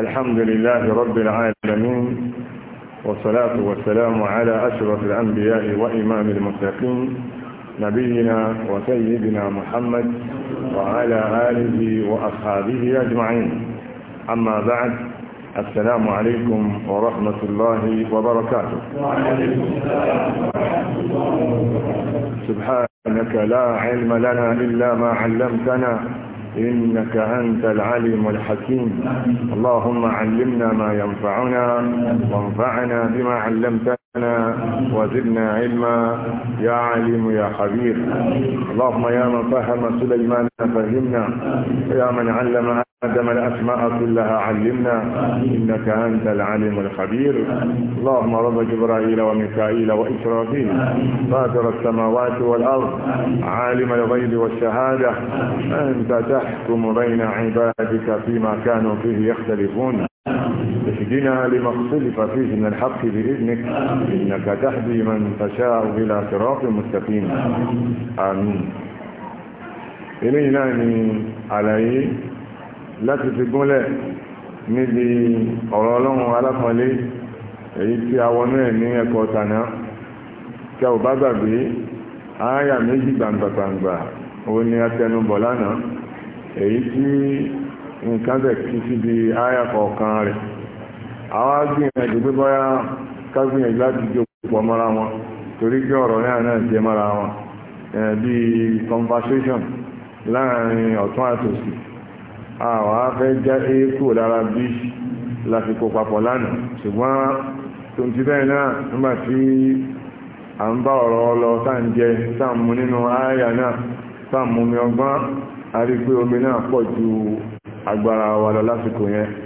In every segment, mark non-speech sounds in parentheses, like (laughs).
الحمد لله رب العالمين والصلاة والسلام على أشرف الأنبياء وإمام المتقين نبينا وسيدنا محمد وعلى آله وأصحابه أجمعين أما بعد السلام عليكم ورحمة الله وبركاته سبحانك لا علم لنا إلا ما علمتنا إنك أنت العليم الحكيم اللهم علمنا ما ينفعنا وانفعنا بما علمتنا وزدنا علما يا عليم يا خبير اللهم يا من فهم سليمان فهمنا ويا من علم آدم الأسماء كلها علمنا إنك أنت العليم الخبير اللهم رب جبرائيل وميكائيل وإسرافيل فاتر السماوات والأرض عالم الغيب والشهادة أنت تحكم بين عبادك فيما كانوا فيه يختلفون اهدنا لما اختلف فيه من الحق بإذنك إنك تهدي من تشاء إلى صراط مستقيم آمين eléyìí náà ni àlàyé láti fi gúnlẹ̀ níbi ọ̀rọ̀ ọlọ́run alápọ̀lé èyí tí a wọnú ẹ̀ ní ẹ̀kọ́ tànà tí a ò bá gbàgbé ááyà méjì gbàǹgbàǹgbà ó ní atẹnubọ̀ lánàá èyí tí nǹkan bẹ̀ kí síbi ááyà kọ̀ọ̀kan rẹ̀ àwọn agbìyànjú pé bọ́yá kágbìyànjú láti jó mara mọ́ra wọn torí kí ọ̀rọ̀ náà náà jẹ mara wọn bí conversation láàrin ọ̀tún àtòsí àwọn afẹ́ já eékò lára bí lásìkò papọ̀ lánàá ṣùgbọ́n tó ti bẹ́ẹ̀ náà nígbà tí ju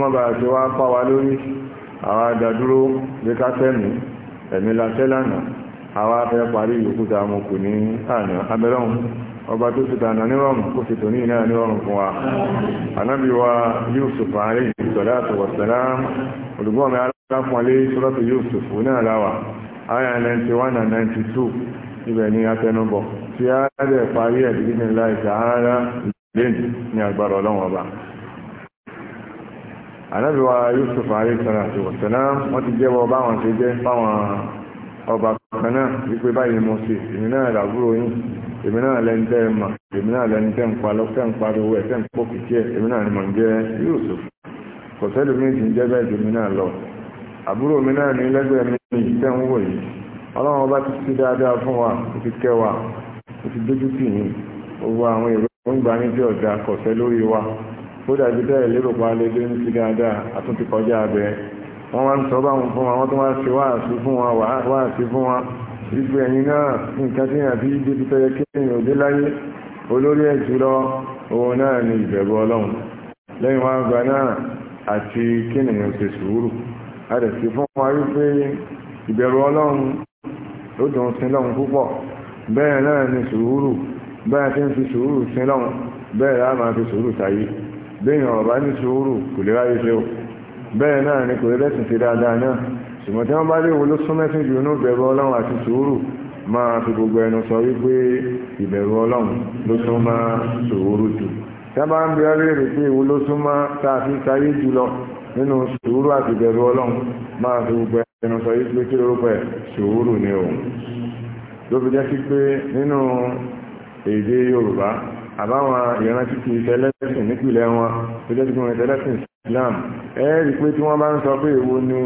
wọ́n bá ti wá pa wa lórí àwọn àdàdúró bí ká fẹ́mí ẹ̀mí lásẹ́ lánàá àwọn afẹ́ parí ìlúkúta amokù ní àná abẹ́lọ́hun ọba tó ti tànà nírọ̀rùn kó sì tó ní ìnáà nírọ̀rùn fún wa anábí wa Yusuf alayhi salatu wa salam olùgbọ́n mi aláfọ́nlé suratu Yusuf náà láwà àyà 91 and 92 ibẹ̀ ní atẹnubọ̀ tí a rẹ̀ parí ẹ̀ anábìwá Yusuf aleyhisselatu wasalam wọ́n ti jẹ́wọ́ báwọn ṣe jẹ́ fáwọn ọba kan wípé báyìí mo sì èmi náà làbúrò yín èmi náà lẹ́ni tẹ́ èmi náà lẹ́ni tẹ́ ń palọ́ tẹ́ ń pariwo kìkì ẹ̀ èmi náà ni mò ń jẹ́ Yusuf kò sẹ́lẹ̀ mi ti ń jẹ́ bẹ́ẹ̀ èmi náà lọ àbúrò mi náà ní lẹ́gbẹ̀ẹ́ mi ní tẹ́ ń wò yìí ọlọ́run ọba ti ti dáadáa fún wa ó ti kẹ́ wa ó ti dójú ó dàbí bẹ́ẹ̀ lérò pa lélé ní ti dáadáa àtúntí kọjá abẹ wọ́n wá ń sọ báwọn fún wa tó wá ṣe wáàsí fún wa wáàsí fún wa gbígbé ẹ̀yìn náà nǹkan tí àbí débi tẹ́yẹ kí èèyàn dé láyé olórí ẹ̀ jùlọ òun náà ni ìbẹ̀rù ọlọ́run lẹ́yìn wá gba náà àti kí èèyàn ṣe sùúrù a dẹ̀ sí fún wa wípé ìbẹ̀rù ọlọ́run ó dùn sí lọ́run púpọ̀ bẹ́ẹ̀ náà ni sùúrù bẹ́ẹ̀ tí ń fi sùúrù sí lọ́run bẹ́ẹ̀ láà fi sùúrù sáyé bẹ́yìn ọ̀bá ní sùúrù kò lè ráyé ṣe o bẹ́ẹ̀ náà ni kò lè rẹ́sìn sí dáadáa náà ṣùgbọ́n tí wọ́n bá léwo ló sún mẹ́sìn jù inú ìbẹ̀rù ọlọ́run àti sùúrù máa fi gbogbo ẹnu sọ wípé ìbẹ̀rù ọlọ́run ló sún mọ́ sùúrù jù sábà ń bí ọlẹ́ rè pé ìwo ló sún mọ́ tá a fi sáyé jù lọ nínú sùúrù àti ìbẹ̀rù ọlọ́run máa fi gbogbo ẹnu sọ wípé kí lórúkọ ẹ̀ sùúrù ni òun ló fi jẹ́ sí pé nínú èdè Yorùbá àbáwọn ìran títí tẹlẹ́sìn nípìnlẹ̀ wọn tó jẹ́ Islam ẹ̀ẹ́rì pé tí wọ́n bá ń sọ pé èwo ni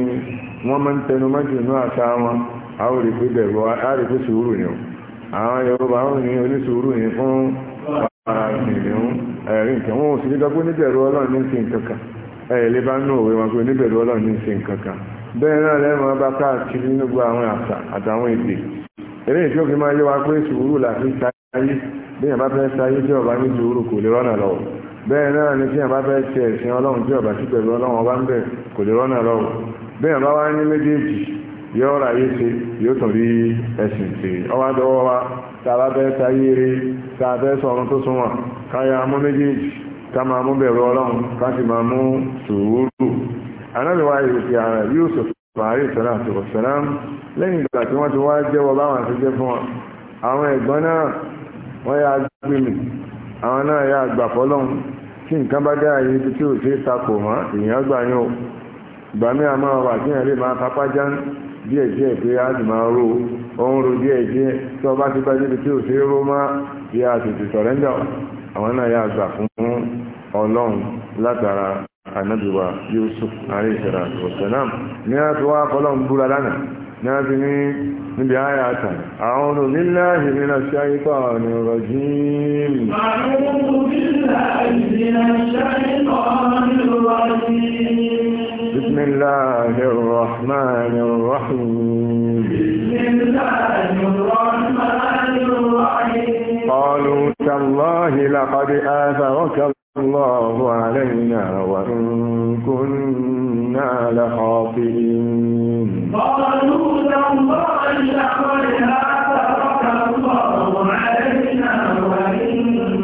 wọ́n máa ń tẹnu mọ́jù inú àṣà wọn a ó rí pé bẹ̀rù a rí pé sùúrù ni àwọn Yorùbá ó ní onísùúrù ni fún ẹ̀rí nǹkan wọn ò sì ní dọ́gbó níbẹ̀rù Ọlọ́run ní sí nǹkan kan ẹ̀yẹ̀ lè bá ń nù òwe wọn wa pé sùúrù làfi ta ayé bí yàn bá fẹ́ sáyé tí ọba ní sùúrù kò lè rọ́nà lọ́wọ́ bẹ́ẹ̀ náà ni tí yàn bá fẹ́ ṣe ẹ̀sìn ọlọ́run tí ọba sí pẹ̀lú ọlọ́run ọba ń bẹ̀ kò lè rọ́nà lọ́wọ́ bí yàn bá wá ní méjèèjì yóò ra ayé ṣe yóò tún rí ẹ̀sìn ṣe ọwọ́ àdọ́wọ́ wa tá a bá fẹ́ sáyé rí tá a fẹ́ sọ ọ̀run tó sunwọ̀n káyà mú méjèèjì ká máa mú bẹ̀rù ọlọ́run ká sì máa mú sùúrù anábìwá àwọn ẹ̀gbọ́n náà wọ́n yá gbé mi àwọn náà yá gbà fọ́lọ́hún tí nǹkan bá dára yìí ibi tí ò ṣe é takò mọ́ èèyàn gbà yín o ìgbà mí àmọ́ wà tí èèyàn lè máa kápá já díẹ̀ díẹ̀ pé a sì máa ro òun ro díẹ̀ díẹ̀ tí wọ́n bá ti bá débi tí ò ṣe é ró má bí a sì ti sọ̀rẹ́ńdà àwọn náà yá gbà fún ọlọ́run látara ànábìwá Yusuf alayhi salatu wassalam ní a ti wá fọ́lọ́hún búra lánàá نازمين بآيات أعوذ بالله من الشيطان الرجيم أعوذ بالله من الشيطان الرجيم بسم الله الرحمن الرحيم بسم الله الرحمن الرحيم قالوا تالله لقد آثرك الله علينا وإن كنا لخاطئين قالوا تالله لقد آثرك الله علينا وإن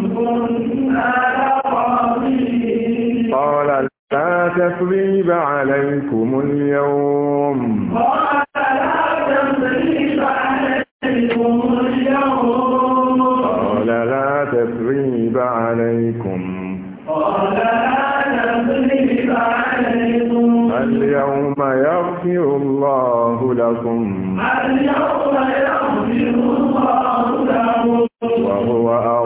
كنا لخاطئين قال لا تثريب عليكم اليوم قال لا اليوم يغفر الله لكم اليوم يغفر الله لكم وهو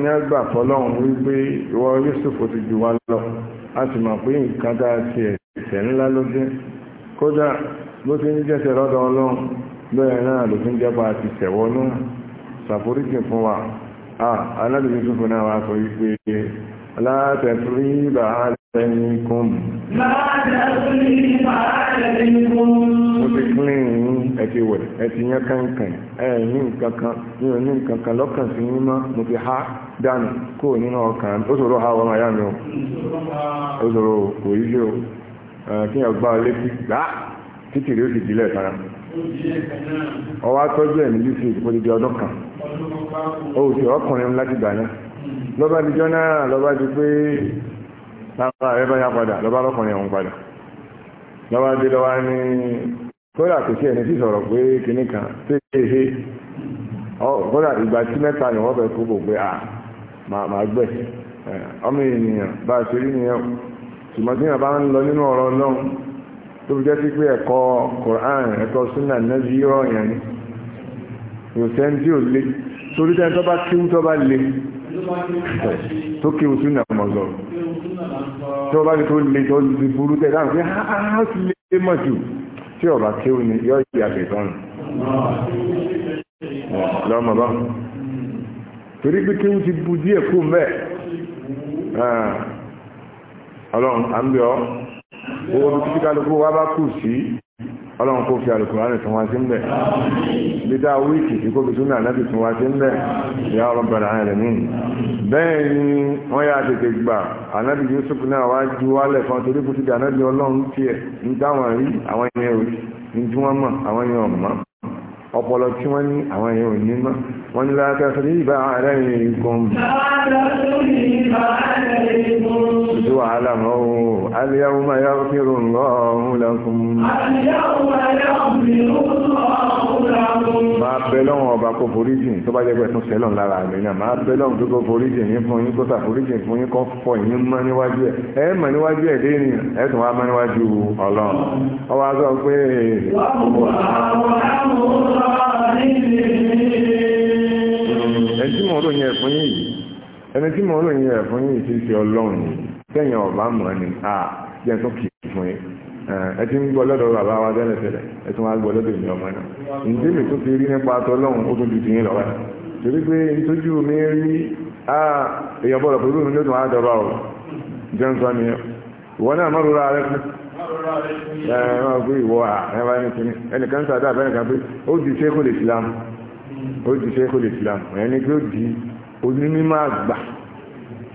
ní àgbà fọlọ́run wípé ìwọ Yusuf ti jù wá lọ a sì mọ̀ pé nǹkan tá a ti ẹ̀ṣẹ̀ ńlá ló dé kódà ló ti ń jẹ́sẹ̀ lọ́dọ̀ ọlọ́run bẹ́ẹ̀ náà ló ti ń jẹ́pa àti tẹ̀wọ́ náà fún wa aládùn Yusuf náà wá sọ wípé látẹ̀tùrí bàálẹ̀ ní kùn ẹ ti wẹ̀ ẹ ti yẹn kankan ẹ ní nǹkan kan ní òní nǹkan kan lọ́kàn sí ní mọ́ mo ti há dànù kó o nínú ọkàn ó ṣòro ha wọn máa yá mi o ó ṣòro kò yí sí o kí yẹn gbá ọ létí gbá títì rí ó sì dilẹ̀ sára ọwọ́ atọ́jú ẹ̀mí yìí sí ìdìbò dídí ọdún kan ó sì ọkùnrin láti gbà náà lọ́ba díjọ́ náà lọ́ba di pé lára ẹ bá yá padà lọ́ba lọ́kùnrin ọ̀hún padà lọ́ba dé lọ́wọ́ ní kódà kò sí ẹni tí sọ̀rọ̀ pé kìnnì kan ṣéṣe kódà ìgbà tí mẹ́ta ni wọ́n fẹ́ kó bò pé à máa gbẹ̀ ọmọ ènìyàn bá a ṣe rí nìyẹn ṣùgbọ́n tí yàrá bá ń lọ nínú ọ̀rọ̀ ọlọ́run tó fi jẹ́ sí pé ẹ̀kọ́ Quran ẹ̀kọ́ sunna nẹ́bí yọ̀ yẹn ni kò sẹ́ni tí ò le torí tẹ́ni tó bá kíwú tó bá le tó kíwú sunna mọ̀ lọ tó bá ní tó le tó burú tẹ́ dáhùn pé á ti le mọ̀ jù tí ọba kéwù ni yọ ìyá àgbẹ̀tọ́nù lọ́mọ bá torí pé kéwù ti bu díẹ̀ kú mbẹ́ ọlọ́run à ń bẹ̀ ọ́ owó bí kíkálukú wa bá kù sí ọlọ́run kó fi alùkùnrin tún wá sí ń bẹ̀ bídá wíìkì tí kó fi súnà náàbì tún wá sí ń bẹ̀ ìyá ọlọ́bàrà ẹ̀lẹ́mí bẹ́ẹ̀ ni wọ́n yá tètè gbà anábì Yusuf náà wá ju wálẹ̀ fún torí kú títí ọlọ́run tiẹ̀ ń táwọn rí àwọn ẹ̀yẹn rí ní tí wọ́n mọ̀ àwọn ẹ̀yẹn ọ̀mọ́ ọpọlọ tí wọ́n ní àwọn èèyàn òní mọ́ wọ́n ní láti ẹ̀sọ́ ní ìbá àárín nǹkan ìdí wàhálà mọ́ ohun aléyàwó máa yá fírò lọ́ọ̀hún lẹ́kùn máa bẹ lọ́wọ́n ọba kó foríjìn tó bá jẹ́ pẹ̀ tún sẹ́lọ̀n lára mi náà máa bẹ tó kó foríjìn yín fún yín kó sàforíjìn fún yín kó yín mọ́ níwájú ẹ̀ ẹ̀ mọ̀ níwájú ẹ̀ dé ènìyàn ẹ̀ tún mọ́ níwájú ọlọ́run ọwọ́ sọ pé. wàá àwọn àwọn ẹni tí mò ń ròyìn ẹ̀fún yìí ẹni tí mò ń ròyìn ẹ̀fún yìí ti ṣe ọlọ́run sẹ́yìn ọ̀bá mọ̀ ni a jẹ́ tó kì í fún yín ẹ ti ń gbọ́ lọ́dọ̀ bàbá wa tẹ́lẹ̀ tẹ́lẹ̀ ẹ tún wá gbọ́ lọ́dọ̀ ìmì ọmọ náà ǹjẹ́ mi tó ti rí nípa tọ́lọ́run ó tún ju ti yín lọ́wọ́ torí pé nítorí mi rí èèyàn bọ̀rọ̀ pẹ̀lú mi ló tún wá dọ́ba ọ̀ jẹun sọ nìyẹn náà mọ́ rẹ ẹ̀rọ pé ìwọ àrẹ́wà ẹnikẹ́ni ẹnìkan sàdá àbẹ́nìkan pé ó di ṣékò lè Islam ó di ṣékò lè Islam ẹni pé ó di onímọ̀ àgbà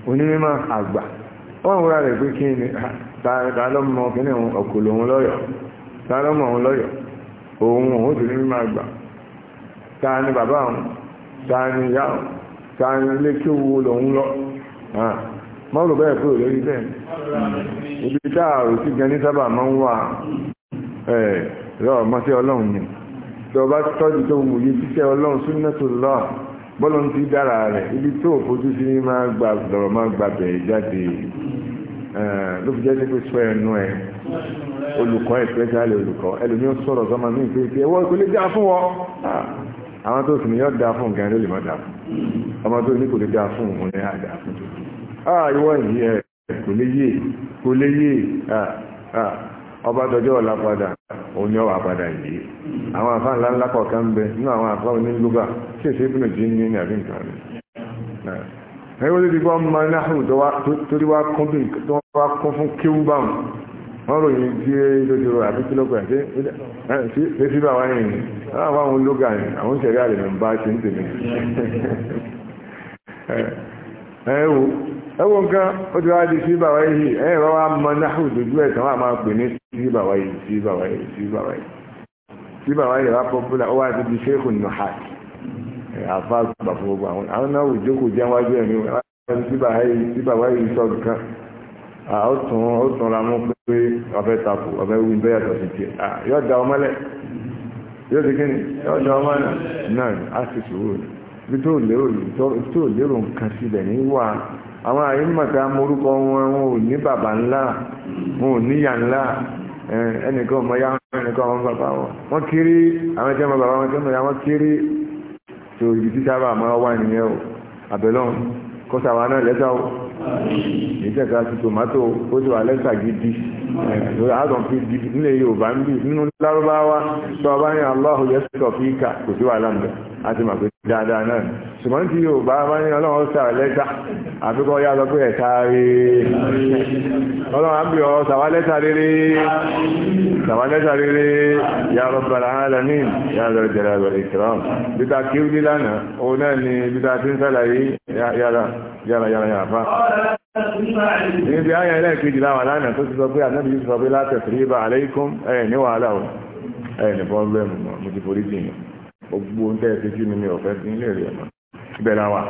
onímọ̀ àgbà wọ́n wúra rẹ̀ pé kí ni ta lọ́mọ kíní ọ̀kọ̀lọ̀ òun lọ́yọ̀ ta lọ́mọ òun lọ́yọ̀ òun òun ti ní mímọ̀ àgbà ta ni bàbá òun ta ni ìyá òun ta ni ilé kí owó lòun lọ mọ́rù bẹ́ẹ̀ kúrò lórí bẹ́ẹ̀ ibi táàrù sí gan ní sábà máa ń wà ẹ̀ rọ mọ́sẹ́ ọlọ́run ni tí ọba tọ́jú tó wù yí títẹ́ ọlọ́run sunnatullah bọ́lọ̀ ń ti dára rẹ̀ ibi tó fojú sí ní máa gba lọ́rọ̀ máa gba bẹ̀rẹ̀ jáde ló fi jẹ́ sí pé sọ ẹnu ẹ olùkọ́ especially olùkọ́ ẹlòmíì sọ̀rọ̀ sọ́mọ ní ìpè tí ẹwọ́ ìpele dá fún wọn àwọn tó sì ní yọ dá fún gan ló lè má dá fún ọmọ tó ní kò lè dá fún òun ní àdá fún tòun Ah, ìwọ yìí ẹ̀ kò lè yé kò lè yé ah, ah, ọba dọjọ́ ọ̀la padà òun ni ọwà padà yìí àwọn àfá ńlá ńlá kọ̀ọ̀kan ń bẹ nínú àwọn àfá onílùgbà tí èsì ìbùnú jí ní ní àbí nǹkan rẹ̀ ẹgbẹ́ tó ti gbọ́ ọmọ náhùn tó wá kún fún kéwú báwọn wọ́n ròyìn tí ló ti rọ àbí tí lọ́gbà tí ó ti bá wá ní àwọn àwọn ológa ní àwọn ìṣẹ̀rí àlè (laughs) ẹwọ nǹkan ó ti wá di sí bàwá yìí ẹ̀yìn bá wá mọ náà dojú ẹ̀ tán wà máa pè ní sí bàwá yìí sí bàwá yìí sí bàwá yìí sí bàwá yìí wá pọ́pùlà ó wá ti di ṣéèkù nù hà àfa àgbà fún gbogbo àwọn àwọn náà wò jókòó jẹ́ wájú ẹ̀ ní sí bàwá yìí sí bàwá yìí sọ nǹkan ó tún ó tún ra mú pé ọbẹ̀ takò ọbẹ̀ wí bẹ́ẹ̀ yàtọ̀ sí tiẹ̀ yóò da ọmọ lẹ̀ yóò di kíni yóò da ọmọ náà á sì sùúrù bí tó lérò nǹkan síbẹ̀ ní wà àwọn àyímọ̀ta morúkọ wọn wọn ò ní bàbá ńlá wọn ò níyà ńlá ẹnìkan ọmọ yá ẹnìkan ọmọ bàbá wọn wọn kiri àwọn ẹjẹ ọmọ bàbá wọn ẹjẹ ọmọ yá wọn kiri tó ibi tí sábà máa wà nìyẹn o àbẹ̀lọ́n kọ́sà wa náà lẹ́sà o ìjẹ́ka ti tòmátò ó ti wà lẹ́sà gidi àádọ́n fi gidi nílẹ̀ yorùbá ń bì nínú lárúbáwá tó ọba ní aláhùn yẹsùn tó fi kà kò sí wàhálà ń bẹ̀ á dáadáa náà ṣùgbọ́n tí yóò bá bá ní ọlọ́run ọ̀sà lẹ́tà àfikọ́ yá lọ pé ẹ̀ta rí ọlọ́run àbí ọ sàwá lẹ́tà rere sàwá lẹ́tà rere ya rabbal alamin ya lọ jẹrẹ àgbẹ̀rẹ̀ ìkìrọ̀m bíta kí ó dílànà òun náà ni bíta tí ń sàlàyé yára yára yára yára fa níbi ayé ẹlẹ́ẹ̀kejì láwọn aláàna tó ti sọ pé ànábì gbogbo ń tẹ́ ẹ̀fẹ́ jùlọ ní ọ̀fẹ́ ní ilé rẹ̀ mọ́ ìbẹ̀rẹ̀ wa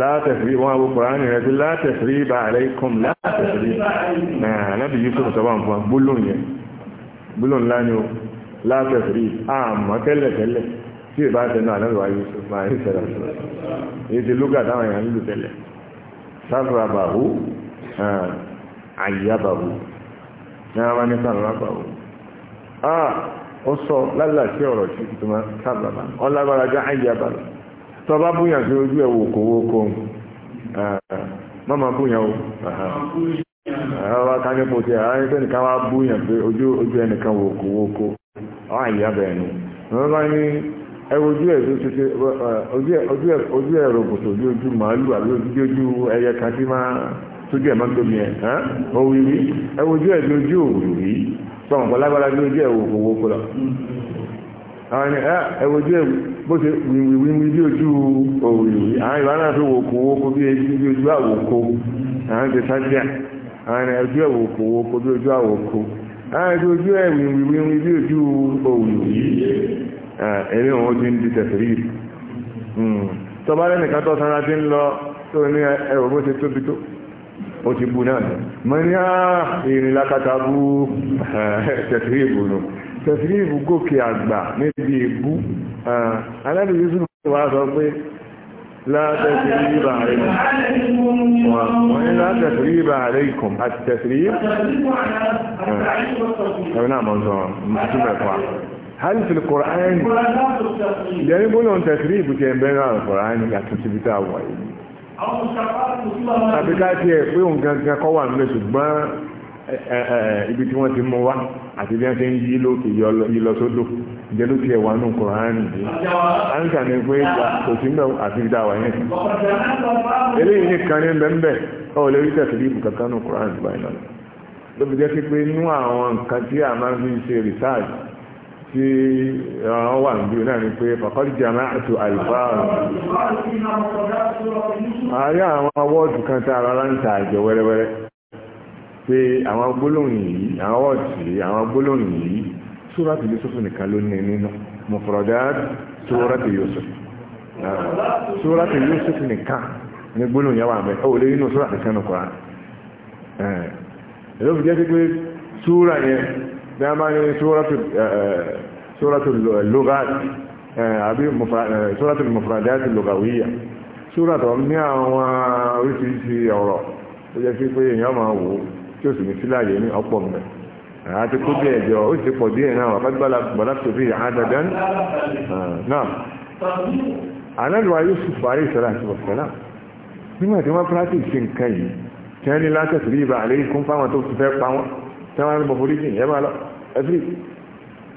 látẹ̀fẹ́ wọn àwọn kòránì rẹ̀ sí látẹ̀fẹ́ ibà rẹ̀ kọ́m látẹ̀fẹ́ náàbì Yusuf sọ́bà fún gbólóhùn yẹn gbólóhùn lánìí o látẹ̀fẹ́ àmọ́ tẹ́lẹ̀tẹ́lẹ̀ tí ìbá tẹnu àlẹ́wà Yusuf máa ń sẹ̀rẹ̀ sọ̀rọ̀ èyí ti lúgà táwọn èèyàn lù tẹ́lẹ̀ sáfàbàhù àyíyábàhù ní ó sọ lálàsí ọ̀rọ̀ sí ìtumá sábàbà ọlágbára já àyàbà tó bá búyàn sí ojú ẹ̀wò kòwó kóhùn mọ́mọ́ búyàn o ọwá ká ní pòtí àwọn ẹgbẹ́ nìkan wá búyàn pé ojú ẹnìkan wò kòwó kó ọ̀hún àyàbà ẹ̀nu wọ́n bá ní ẹwọ ojú ẹ̀ tó ṣe ojú ẹ̀ rògbòtò ojú ojú màálù àbí ojú ojú ẹyẹ kan tí máa tójú ẹ̀ máa tóbi ẹ̀ ọ̀wìrì ẹwọ ojú ẹ̀ tó ojú òwìrì sọ̀rọ̀ pọ̀ lágbára ah, bí ojú ẹ̀wò òwò kò lọ. àwọn ni ẹ wojú ẹ̀wò bó ṣe wíwíwí bí ojú òwìwí àwọn ìwà náà fi wò kó owó kó bí ojú àwòkó àwọn ti sájà àwọn ni ojú ẹ̀wò kó owó kó bí ojú àwòkó àwọn ti ojú ẹ̀wìwíwí bí ojú òwìwí ẹ̀rí òun ti ń di tẹ̀sírí hmm. tọ́ba lẹ́nìkan tó sanra ti ń lọ tó ní ẹ̀wò bó ṣe tóbi tó ó ti bú náà mọ́ ní ah, ìrìn lákàtà bú (laughs) tẹ̀sírí ìbùnú tẹ̀sírí ìbù gòkè àgbà níbi ìbú alábi eh, yusuf wà sọ pé látẹ̀sírí ìbà rẹ̀ wọ́n ní látẹ̀sírí ìbà rẹ̀ ikùn àti tẹ̀sírí eh, ẹ̀rọ náà mọ́ sọ mùsùlùmẹ̀ fà hal tàbí ká tiẹ̀ pé òun gangan kọ́ wà nílẹ̀ ṣùgbọ́n ibi tí wọ́n ti mú wá àti bí wọ́n ti ń yí lókè yí lọ sódò ìjẹ́ ló tiẹ̀ wà nù kùránì yìí áńsà ni pé kò sí mbẹ́ àti ìdá wà yẹn eléyìí nìkan ní bẹ́ńbẹ́ ọ̀ lè rí tẹ̀sí bí ibùkankan nù kùránì báyìí náà ló fi jẹ́ sí pé nínú àwọn nǹkan tí a máa ń fi ṣe rìsáàjì tí wọ́n wà ń bí náà ni pé pàpàdé jama àti alifáàrùn àárín àwọn awọ́ọ̀dù kan tá ara rán ta àjọ wẹ́rẹ́wẹ́rẹ́ pé àwọn gbólóhùn yìí àwọn awọ́ọ̀dù yìí àwọn gbólóhùn yìí sóràtì Yusuf nìkan ló ní nínú mọ̀fọ̀rọ̀dá sóràtì Yusuf sóràtì Yusuf nìkan ní gbólóhùn yẹn wà mẹ́ ó lé nínú sóràtì kan nìkan ẹ̀ ló fi jẹ́ pé sóra yẹn tí a bá ní sóràtù mufradati lugawiyya sóràtù ní àwọn oríṣiríṣi ọ̀rọ̀ tó jẹ́ sí pé èèyàn máa wò tí ó sì ní síláyé ní ọ̀pọ̀ mẹ́ àti kó bí ẹ̀jọ́ ó sì pọ̀ díẹ̀ náà àpájúbálà bọ̀dá tó fi àádọ́dán eh, náà anáàlùwà Yusuf àrí ìṣẹ́lá àti bọ̀sẹ̀lá nígbà tí wọ́n practice nǹkan yìí tí wọ́n ní látẹ̀sí rí ibà àlékún fáwọn tó fẹ́ pa wọ́n tẹ́wọ́n ní bọ̀fọ̀lísìn ẹ máa lọ ẹ̀fí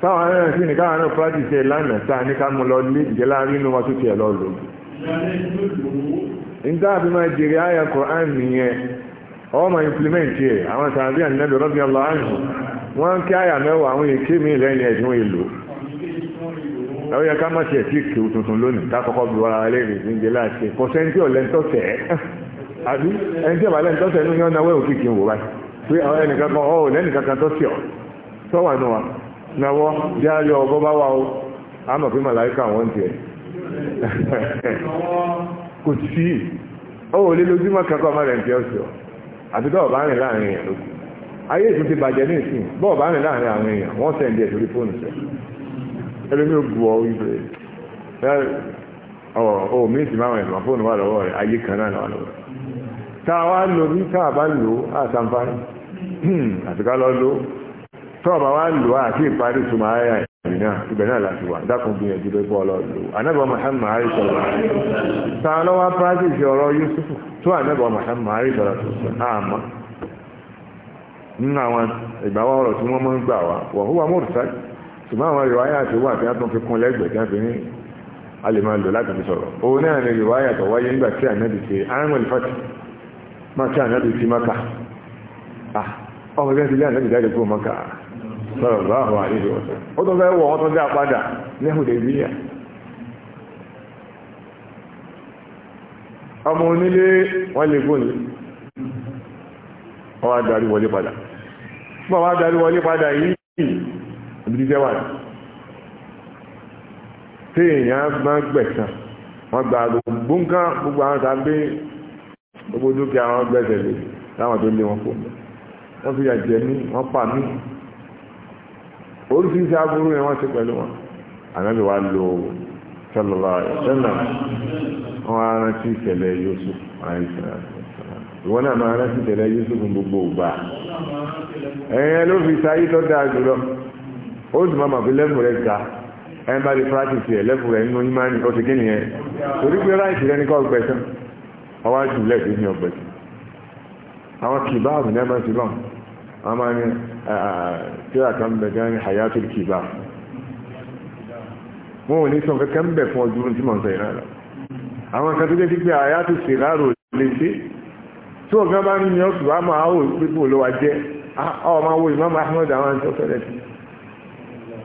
táwọn arẹ́rìn sí ní káwọn náà practice ẹ̀ lánàá tá a ní ká mú lọ lé ìjẹ́ láàrin inú wa tó tiẹ̀ lọ lò. nígbà tí máa jèrè àyà Quran nìyẹn ọwọ́ máa implement ẹ̀ àwọn sàbí ànínàbẹ̀ rọ́bì ọlọ́ àrùn wọ́n ń kí àyà mẹ́wàá àwọn èké mi lẹ́yìn ẹ̀dùn èlò. ẹ yẹ ká má ṣe ẹ̀tí ìkéwù tuntun lónìí ká kọ́kọ́ bí wàrà lẹ́rìn ìjẹ́ láti kọ́sẹ́ntì ọ̀lẹ́ntọ́sẹ̀ àbí ẹ̀ńtí ọ̀bàlẹ́ntọ́sẹ̀ nínú yọ̀ọ́ náwó òkìkí wò báyìí. pé àwọn ẹnìkankan ọ̀ lẹ́nìkankan tó tì wa náwọ́ bí a yọ ọgọ́ bá wà ó a mọ̀ pé màláìka tiẹ̀ (laughs) kò sí ó kankan ọmọ rẹ̀ ń tiẹ̀ sí ọ àti tọ́wọ̀ bá rìn láàrin èèyàn ayé ti bàjẹ́ ní ìsìn rìn láàrin àwọn èèyàn wọ́n fóònù sẹ̀ ò bu ọ ibẹ̀ sì máa fóònù wà lọ́wọ́ rẹ̀ ayé kan náà lọ́wọ́ a bí tá Hmm, àtìká lọ ló tọ́ọ̀bà wá lò á àti ìparí ìtumọ̀ ayá ìrìn náà ibẹ̀ náà láti wà dákun gbìyànjú pé bọ́ lọ lò anábọ̀ Muhammad ari sọ̀rọ̀ ta lọ́wọ́ practice ọ̀rọ̀ Yusuf tó anábọ̀ Muhammad ari sọ̀rọ̀ tó sọ àmọ́ nínú àwọn ìgbà wa ọ̀rọ̀ tí wọ́n mọ́ ń gbà wá wọ̀ ṣùgbọ́n àwọn wà a fi kún lẹ́gbẹ̀ẹ́ tí a fi ní a lò ọmọ ẹgbẹ́ ti lé ànábì jáde kó mọ́kà sọ̀rọ̀ láàrùn àdéhùn ọ̀sẹ̀ ó tún fẹ́ wọ̀ wọ́n tún dá padà ní Hudaybiya ọmọ onílé wọ́n lè gbóni wọ́n wá darí wọlé padà wọ́n wá darí wọlé padà yìí ìbílíjẹ́ wà tí èèyàn bá gbẹ̀sán wọ́n gba gbogbo nǹkan gbogbo àwọn tàbí gbogbo dúkìá wọn gbẹ̀sẹ̀ wọ́n fi àjẹ́ mí wọ́n pa mí oríṣiríṣi aburú ni wọ́n ṣe pẹ̀lú wọn ànábì wa lo sọlọ́lá ìṣẹ́nà wọn arántí ìṣẹ̀lẹ̀ Yusuf ìwọ náà máa rántí ìṣẹ̀lẹ̀ Yusuf gbogbo ògbà ẹ̀yẹn ló fi sáyé tó dáa jùlọ ó sì máa màfi lẹ́fù rẹ̀ ga ẹ̀ ń bá di practice ẹ̀ lẹ́fù rẹ̀ nínú ìmánì ó ti kí nìyẹn torí pé ráìtì rẹ̀ ní kọ́ gbẹ̀sán ọwájú lẹ́ẹ̀kì ní ọgbẹ̀sán àwọn kìbáàbù ní ẹ wọ́n máa ní tíra kan bẹ̀ gan ní hayatu kìbá wọ́n ò sọ kankan ń bẹ̀ fún ọdún tí mọ̀ ń sọ ìrànlọ́ àwọn kan tó jẹ́ sí pé hayatu sìgárò lè ṣe tí ọ̀gá bá ní ọ̀sùn wá máa wò pípò ló wá jẹ́ ọ̀ máa wo ìmọ̀ Ahmed àwọn àti ọ̀sẹ̀lẹ̀ sí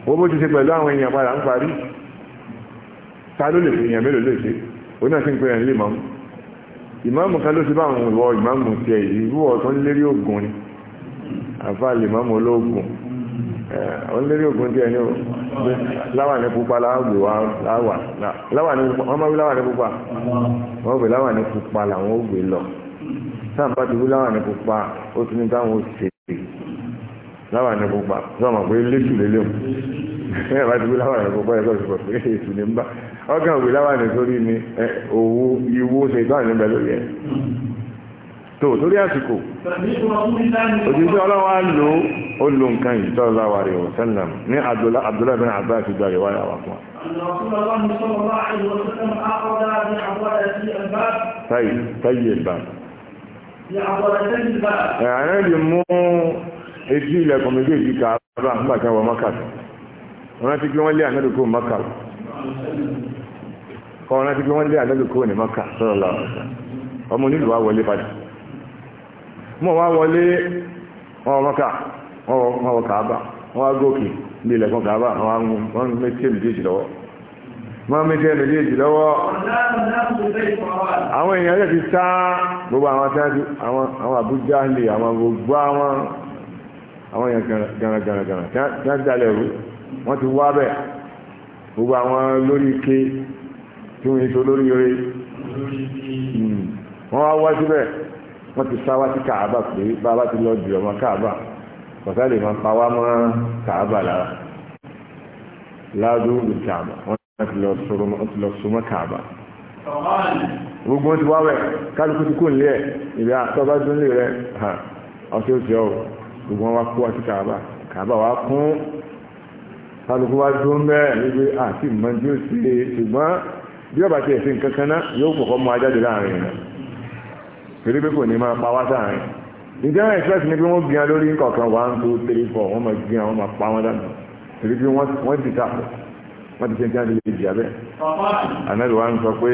wọ́n bó ti ṣe pẹ̀lú àwọn èèyàn padà ń parí ta ló lè fi èèyàn mélòó lè ṣe òun náà sì ń pè ẹ̀ ń lè mọ́mú kan ló ti bá àwọn ìwọ ìmọ̀mù tiẹ̀ ìrú ọ̀tún lérí ògùn ni àfáà lè mọ́mọ́ olóògùn àwọn lérí díẹ̀ ní láwà ní pupa láwà ní pupa wọ́n máa láwà ní pupa làwọn ó gbé lọ Sáàmbá ti wí ní pupa ó ti ní táwọn ó ṣe é láwà ní pupa sọ́mọ̀ pé lẹ́sù lélẹ́m ẹ̀ ti wí ní pupa ẹ̀kọ́ ti pé èsù ní tó torí àsìkò òjíṣẹ́ ọlọ́wà lò ó lò nǹkan ìtọ́lá wa rẹ̀ ọ̀sẹ́lẹ̀m ní Abdullah bin Abbas ti gba ìwà yàwà fún Ànábì mú etí ilẹ̀kùn méjèèjì ká bá ń gbàkan wọ Mákà wọ́n ti gbé wọ́n lé Ànábì kó Mákà kọ́ wọ́n ti gbé wọ́n lé Ànábì kó ní Mákà sọ́rọ̀lá ọmọ onílùwà wọlé padà mọ̀ wá wọlé ọmọkà ọmọ kàábà wọ́n wá gòkè ní ilẹ̀kùn kàábà wọ́n méjì méjì lọ́wọ́ wọ́n méjì méjì lọ́wọ́ àwọn èèyàn yẹ́ ti sá gbogbo àwọn atájú àwọn àbújá lè àwọn gbogbo àwọn àwọn èèyàn gànàgànàgànà tí wọ́n ti dalẹ̀ rú wọ́n ti wá bẹ̀ gbogbo àwọn lórí ike tí wọ́n ń so lórí ire hmm. wọ́n wá wá síbẹ̀ wọ́n ti sáwá sí kàábà pé bàbá ti lọ jù ọmọ kàábà kọ̀tà lè máa pa wá mọ́ kàábà lára ládùn ní kàábà wọ́n ti lọ súnmọ́ kàábà. gbogbo wọn ti wá wẹ̀ kálukú ti kú nílé ẹ̀ ìrẹ́ àtọ́gbá tó nílé rẹ̀ ọtí ó ti ọ̀ gbogbo wọn wá kó wá sí kàábà kàábà wá kún kálukú wá tó ń bẹ́ẹ̀ níbi àti ìmọ̀ ó ti ṣe ṣùgbọ́n bí ọba ti ẹ̀sìn kankan náà yóò pọ̀ kọ́ mọ ajáde láàrin rẹ̀ torí pé kò ní máa pa wá sáàrin ìjẹ́ wọn express ni pé wọ́n gbìyàn lórí nǹkan one two three four wọ́n máa gbìyàn wọ́n máa pa wọ́n dànù torí pé wọ́n ti ta wọ́n ti ṣe ní àdéhùn ìjì abẹ́. ànábì wa ń sọ pé.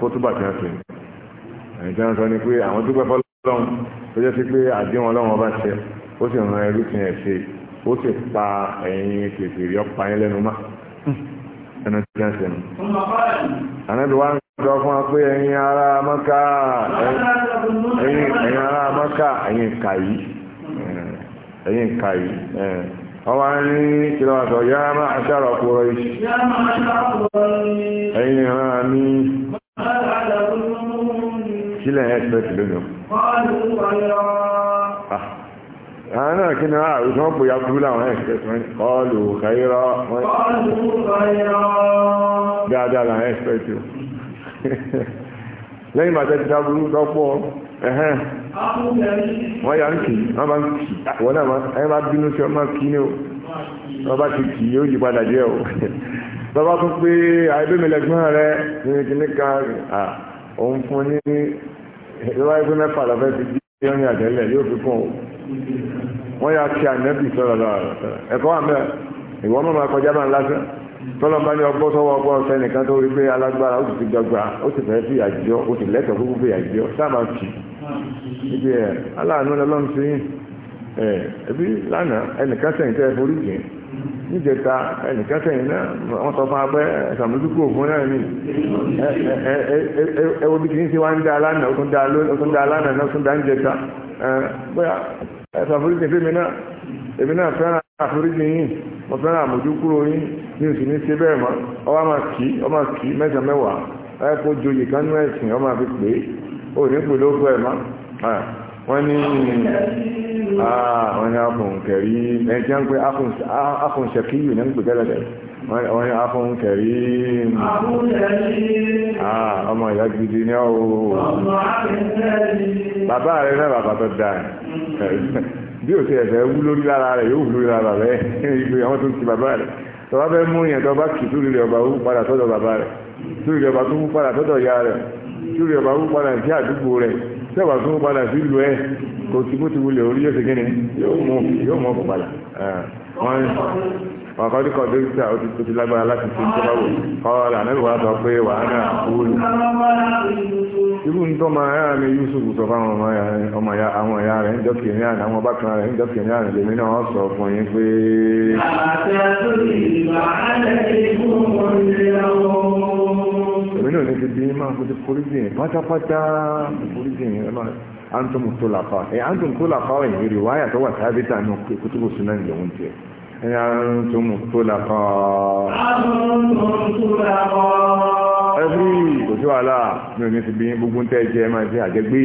fótúbà hmm. tí wọ́n ṣe ẹ̀yìn tí wọ́n sọ ni pé àwọn tó pẹ́ fọ́lọ́run tó jẹ́ sí pé àdéhùn ọlọ́run ọba ṣe ó sì ràn ẹrú tiẹ̀ ṣe ó sì pa ẹ̀yìn kèfèrè ọ̀pá yẹn lẹ́nu mọ́ ẹnu tí a ṣe nù. Ànábì wá ń sọ fún wa pé ẹ̀yin ará Mọ́kà ẹ̀yin ará Mọ́kà ẹ̀yin ìka yìí ẹ̀yin ìka yìí ọwọ́ ní kìlọ̀ àtọ̀ yá máa ṣàrọ̀ kúrò iṣẹ́. Ẹ̀yin ará mi sílẹ̀ ẹ̀ṣẹ̀ tìlónìí. Ah àwọn náà kí ni wọ́n àrùn tí wọ́n pè Abdul láwọn ẹ̀sìpẹ̀tì kọlù kẹrọ dáadáa láwọn ẹ̀sìpẹ̀tì o lẹ́yìn bàtẹ́ ti dábúrú lọ́pọ̀ ẹ̀hẹ́n wọ́n yà ń kì wọ́n bá ń kì wọ́n náà ẹ bá bínú sí ọmọ kì ní o wọ́n bá ti kì yóò yí padà jẹ́ o bàbá tún pé àìbẹ́mẹ̀lẹ́gbọ́n rẹ ní kíníkà òun fún ní ìwáyé fún mẹ́fà lọ́fẹ́ ti tí ó ní àtẹ́lẹ̀ yóò fi kún wọ́n yà kí ànẹ́bì sọ̀rọ̀ lọ́wọ́ ẹ̀kọ́ wà mẹ́ ìwọ́n mọ̀ máa kọjá máa lásán tọ́lọ́ bá ní ọgbọ́ sọ́wọ́ ọgbọ́ ọ̀sẹ̀ nìkan tó rí pé alágbára ó sì ti dọ́gba ó sì fẹ́ fi àjọ ó sì lẹ́tọ̀ọ́ kúkú fi àjọ sáàmà kì níbi ẹ̀ aláàánú lọ́lọ́run sí ẹ̀ ẹbí lánàá ẹnìkan sẹ̀yìn tẹ́ forí jìn níjẹta ẹnìkan sẹ́yìn náà wọ́n sọ fún abẹ́ ṣàmójúkú òfin náà ni ẹwọ́ bí kì í ṣe wá ń dá alánà ó tún dá alánà náà ó tún dá ń jẹta bóyá ṣàforíjì fún mi náà èmi náà fẹ́ràn àforíjì yìí mo fẹ́ràn àmójúkúrò yìí ní oṣù ní ṣe bẹ́ẹ̀ mọ́ ọwọ́ máa kì í ọmọ kì í mẹ́sàn-án mẹ́wàá ẹ kó joyè kánú ẹ̀sìn ọmọ àfi pé òní pè ló fẹ́ ẹ̀ mọ́ wọ́n ní wọ́n ní afọ̀n kẹrí ẹni tí wọ́n pé afọ̀n ṣẹ̀kíyù ní gbogbo tẹ́lẹ̀tẹ̀ wọ́n ní afọ̀n ah, kẹrí ọmọ ìyá gidi ní ọ̀hún bàbá rẹ̀ náà bàbá tó dáa bí o ti ẹ̀fẹ̀ wú lórí lára rẹ̀ yóò wú lórí lára rẹ̀ ìgbé àwọn tó ń ti bàbá rẹ̀ tọba fẹ́ mú yẹn tọba kì túrì rẹ̀ ọba wú padà tọ́dọ̀ bàbá rẹ̀ túrì rẹ̀ ọba tó wú padà tọ́dọ̀ ya rẹ̀ túrì rẹ̀ ọba wú padà sí àdúgbò rẹ̀ sẹ́wà tó padà sí ìlú ẹ̀ kò tí bó ti wulẹ̀ orí yóò ṣe kí ni yóò mọ̀ ọkọ̀ padà wọ́n wọn kọ́ díkọ̀ dókítà ó ti tó ti lágbára láti fi tó bá wò kọ́ọ̀lá náà wà sọ pé wà á náà kúrò irú ń tọ́ máa yára mi Yusuf sọ fáwọn ọmọ àwọn ẹ̀yà rẹ̀ ń jọ kìíní àná àwọn bákan rẹ̀ ń jọ kìíní àná lèmi náà wọ́n sọ fún yín pé. àti àtúntì ìgbà á lè fi fún ọmọ ìlera wọn èmi náà ní ti bí máa mo ti forí jìn pátápátá mo forí jìn ẹ máa antum tó làpá ẹ antum tó làpá ẹ̀yìn rí wáyà tó wà sábẹ́tà náà pé kó tó kò sínú ẹ̀yìn lòun tiẹ̀ ẹ antum tó làpá. ẹbí kò sí wàhálà mi ò ní ti bí gbogbo ń tẹ́ ẹ jẹ ẹ máa jẹ àjẹgbé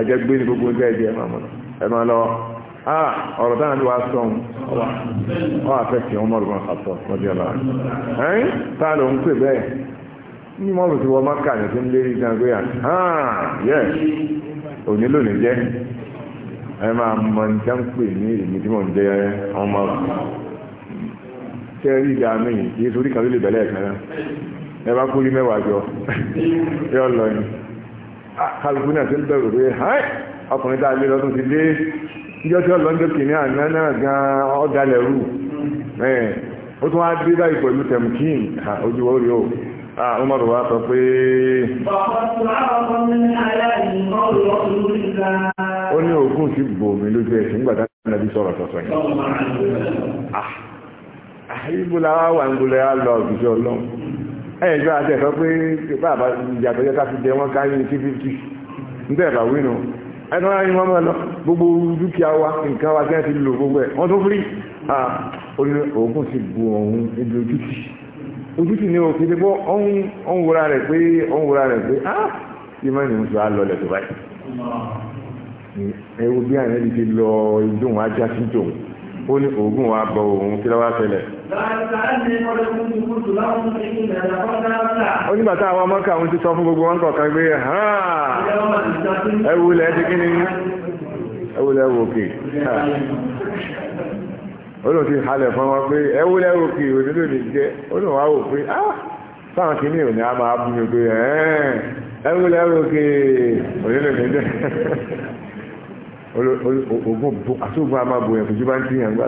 àjẹgbé ní gbogbo ń tẹ́ ẹ jẹ ẹ máa lọ ọ̀rọ̀ dáa ní ní mọ́ọ̀lù tí wọ́n máa kà ní tí ń lérí gan pé hàn ah, yẹ òní lónìí jẹ́ ẹ máa mọ ní tí wọ́n pè ní èmi tí mò ń jẹ ọmọ tẹ́ rí ìdá mi kì í sórí kan ló lè bẹ̀lẹ̀ ẹ̀kan ẹ bá kú rí mẹ́wàá jọ yọ lọ ni kálukú náà ti ń bẹ̀rù pé hàn ọkùnrin tá a lé lọ́dún ti dé níjọ́ tí ọlọ́njọ́ kìíní àná náà gan ọ̀dàlẹ̀ rù ó tún wá dé báyìí pẹ̀lú tẹ̀mùkín ah, ojú wọ́n rí Ah, Umar wa sọ pé ó ní ogún ti bò mí lójú ẹ̀sìn nígbàtà nàbí sọ̀rọ̀ sọ̀sọ̀ yìí àìbúlá ah, ah, wà ń gúnlẹ̀ á lọ òjúṣẹ́ ọlọ́run ẹ̀yìn jọ àti ẹ̀sọ́ pé bàbá ìyàtọ̀ yẹ ká fi jẹ wọ́n káyé sí fífí níbẹ̀ ẹ̀bà wínú ẹ̀tọ́ láyé wọ́n mọ́ lọ gbogbo dúkìá wa nǹkan wa jẹ́ ti lò gbogbo ẹ̀ wọ́n tó fúrí ogún ti bò òun ibi ojúṣì ojútì ní o kéde bọ́ ọ̀hún wúra rẹ̀ pé ọ̀hún wúra rẹ̀ pé á kí má ní oṣù alọ́lẹ̀ tó báyìí. ẹ wo bí àná ti ti lọ ìdóhùn ajá sí tòun ó ní oògùn wa bọ òun kí lọ́wọ́ fẹlẹ̀. ó nígbà tá àwọn ọmọkà òun ti sọ fún gbogbo wọn kọ̀ọ̀kan pé ẹ wulẹ̀ ẹ ti kí ni ẹ wulẹ̀ wò kè olóò ti halẹ̀ fún wọn pé ẹwú lẹ́rù kì í onílò jẹ́ olóò wá wò pé ah sáwọn kìíní òní a máa bú mi pé ẹwú lẹ́rù kì í onílò lè jẹ́ ogun bo àti ogun a máa bo yẹn fojú bá ń tiyàn gbà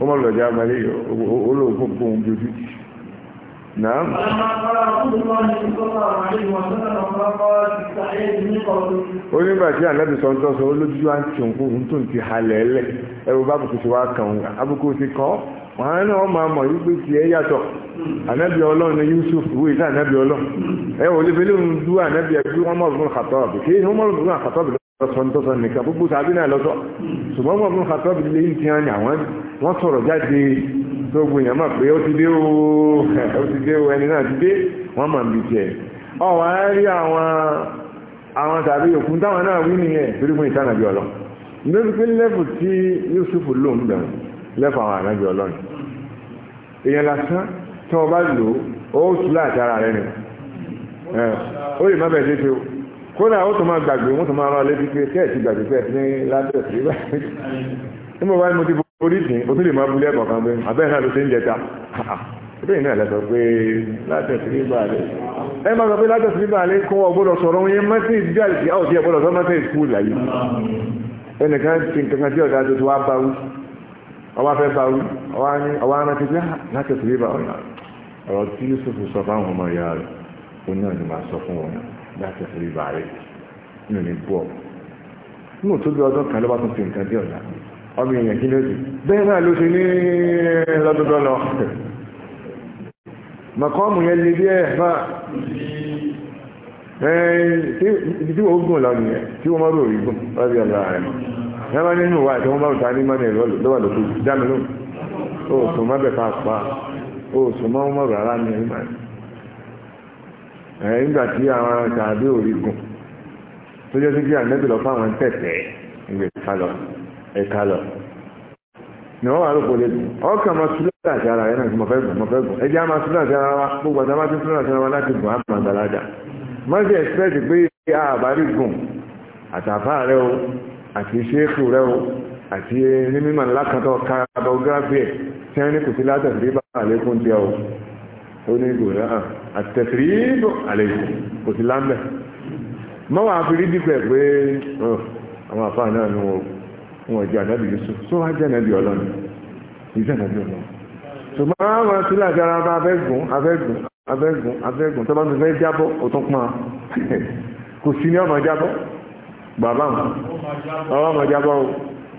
ó mọ̀ lọ́jà amalé olóògùn bo òun dojú jì. نعم ولما قال رسول الله صلى الله عليه وسلم قال استحييت من قومي ó ní bàtí ànábì sọ ń tọ́sọ olójú à ń tì ń kú ń tún ti halẹ̀ ẹlẹ̀ ẹ̀rù bá kò sí wá kàn ń abúkú ti kàn wọ́n á náà máa mọ̀ wípé tí ẹ yàtọ̀ ànábì ọlọ́run ní Yusuf wíì sí ànábì ọlọ́run ẹ wò lébi léwu dú ànábì ẹgbẹ́ wọn mọ̀ fún àkàtọ́ọ̀bì kí wọ́n mọ̀ fún àkàtọ́ọ̀bì lọ́sọ̀ ń tọ́sọ nìkan gbogbo sàbí náà lọ́sọ̀ ṣùgbọ́n mọ̀ fún àkàtọ́ọ̀bì lẹ́yìn tí wọ́n sọ̀rọ̀ jáde tó gbogbo èèyàn mọ̀ pé ó ti dé ooo (laughs) ó ti dé ooo ẹni náà ti dé wọ́n mọ̀ níbi tiẹ̀ ọ̀wọ́n á rí àwọn àwọn tàbí òkun táwọn náà wí nìyẹn torí fún ìtànàbí ọlọ́run lórí pé lẹ́fù tí Yusuf lò ń bẹ̀rù lẹ́fù àwọn ànábì ọlọ́run èèyàn lásán tí wọ́n bá lò ó tú láti ara rẹ̀ nìkan ó lè má bẹ̀rẹ̀ lépe o kódà ó tó máa gbàgbé wọ́n tó máa rán létí pé kẹ́ẹ̀tì gbàgbé pé ní ládùúgbò sí báyìí oríṣìí o tún lè máa bulẹ̀ kọ̀ọ̀kan pé àbẹ́ẹ̀ náà ló ṣe ń jẹta bẹ́ẹ̀ ha lẹ́sọ̀ pé látẹ̀sílíbà lẹ́ ẹ máa sọ pé látẹ̀sílíbà ma kọ́ ọgbọ́dọ̀ sọ̀rọ̀ wọn yẹn mẹ́sìn ìdí àti àwọn òbí ọgbọ́dọ̀ sọ mẹ́sìn ìkú làyè ẹnìkan ti nǹkan tí ọ̀dà tuntun wá bá wí ọwá fẹ́ bá wí ọwá rántí pé ah, látẹ̀sílíbà ọ̀nà ọ̀rọ̀ tí Yusuf sọ fáwọn ọmọ ìyá rẹ̀ ó náà máa sọ fún rẹ̀ nínú ní bọ́ọ̀ nínú ọdún kan ló bá tún nǹkan tí ọmọ èèyàn kí ló sì bẹ́ẹ̀ náà ló ṣe ní lọ́dọ́dọ́ lọ mọ̀kọ́mù yẹn lè bí ẹ̀ fà ibi tí wọ́n gùn lọ nìyẹn tí wọ́n mọ́rò orí gùn lọ́dí ọ̀la rẹ̀ ẹ máa nínú wa bá ta ní lọ́wọ́ ló ó má bẹ̀ ó má ara nígbà tí àwọn tàbí gùn tó jẹ́ sí kí lọ fáwọn tẹ̀tẹ̀ sálọ ẹ̀ka lọ ni wọ́n wà ló kòlè ọkà máa túlẹ̀ àti ara yẹn náà tí mo fẹ́ gùn wa gbogbo àti ara wa láti gùn àmà sì ẹ̀sìpẹ́ẹ̀tì pé àbárí gùn àtàfà rẹ o àti ṣéèkù rẹ o àti ní mímọ̀ lákàtọ̀ tí wọ́n ní kò sí bá àlékún tí ọ ó ní bò àlékún ah, kò sí fi rí pé oh, àwọn àfáà náà ni wọ́n wọn ò jẹ́ ànábì Yusuf tó wá jẹ́ ànábì ọlọ́run ìjẹ́ ànábì ọlọ́run ṣùgbọ́n àwọn àwọn sílẹ̀ àti ara bá abẹ́gùn abẹ́gùn abẹ́gùn abẹ́gùn tó bá mi fẹ́ jábọ́ ó tún pọ́n (laughs) kò sí ní ọmọ jábọ́ bàbá ọwọ́ ọmọ jábọ́ o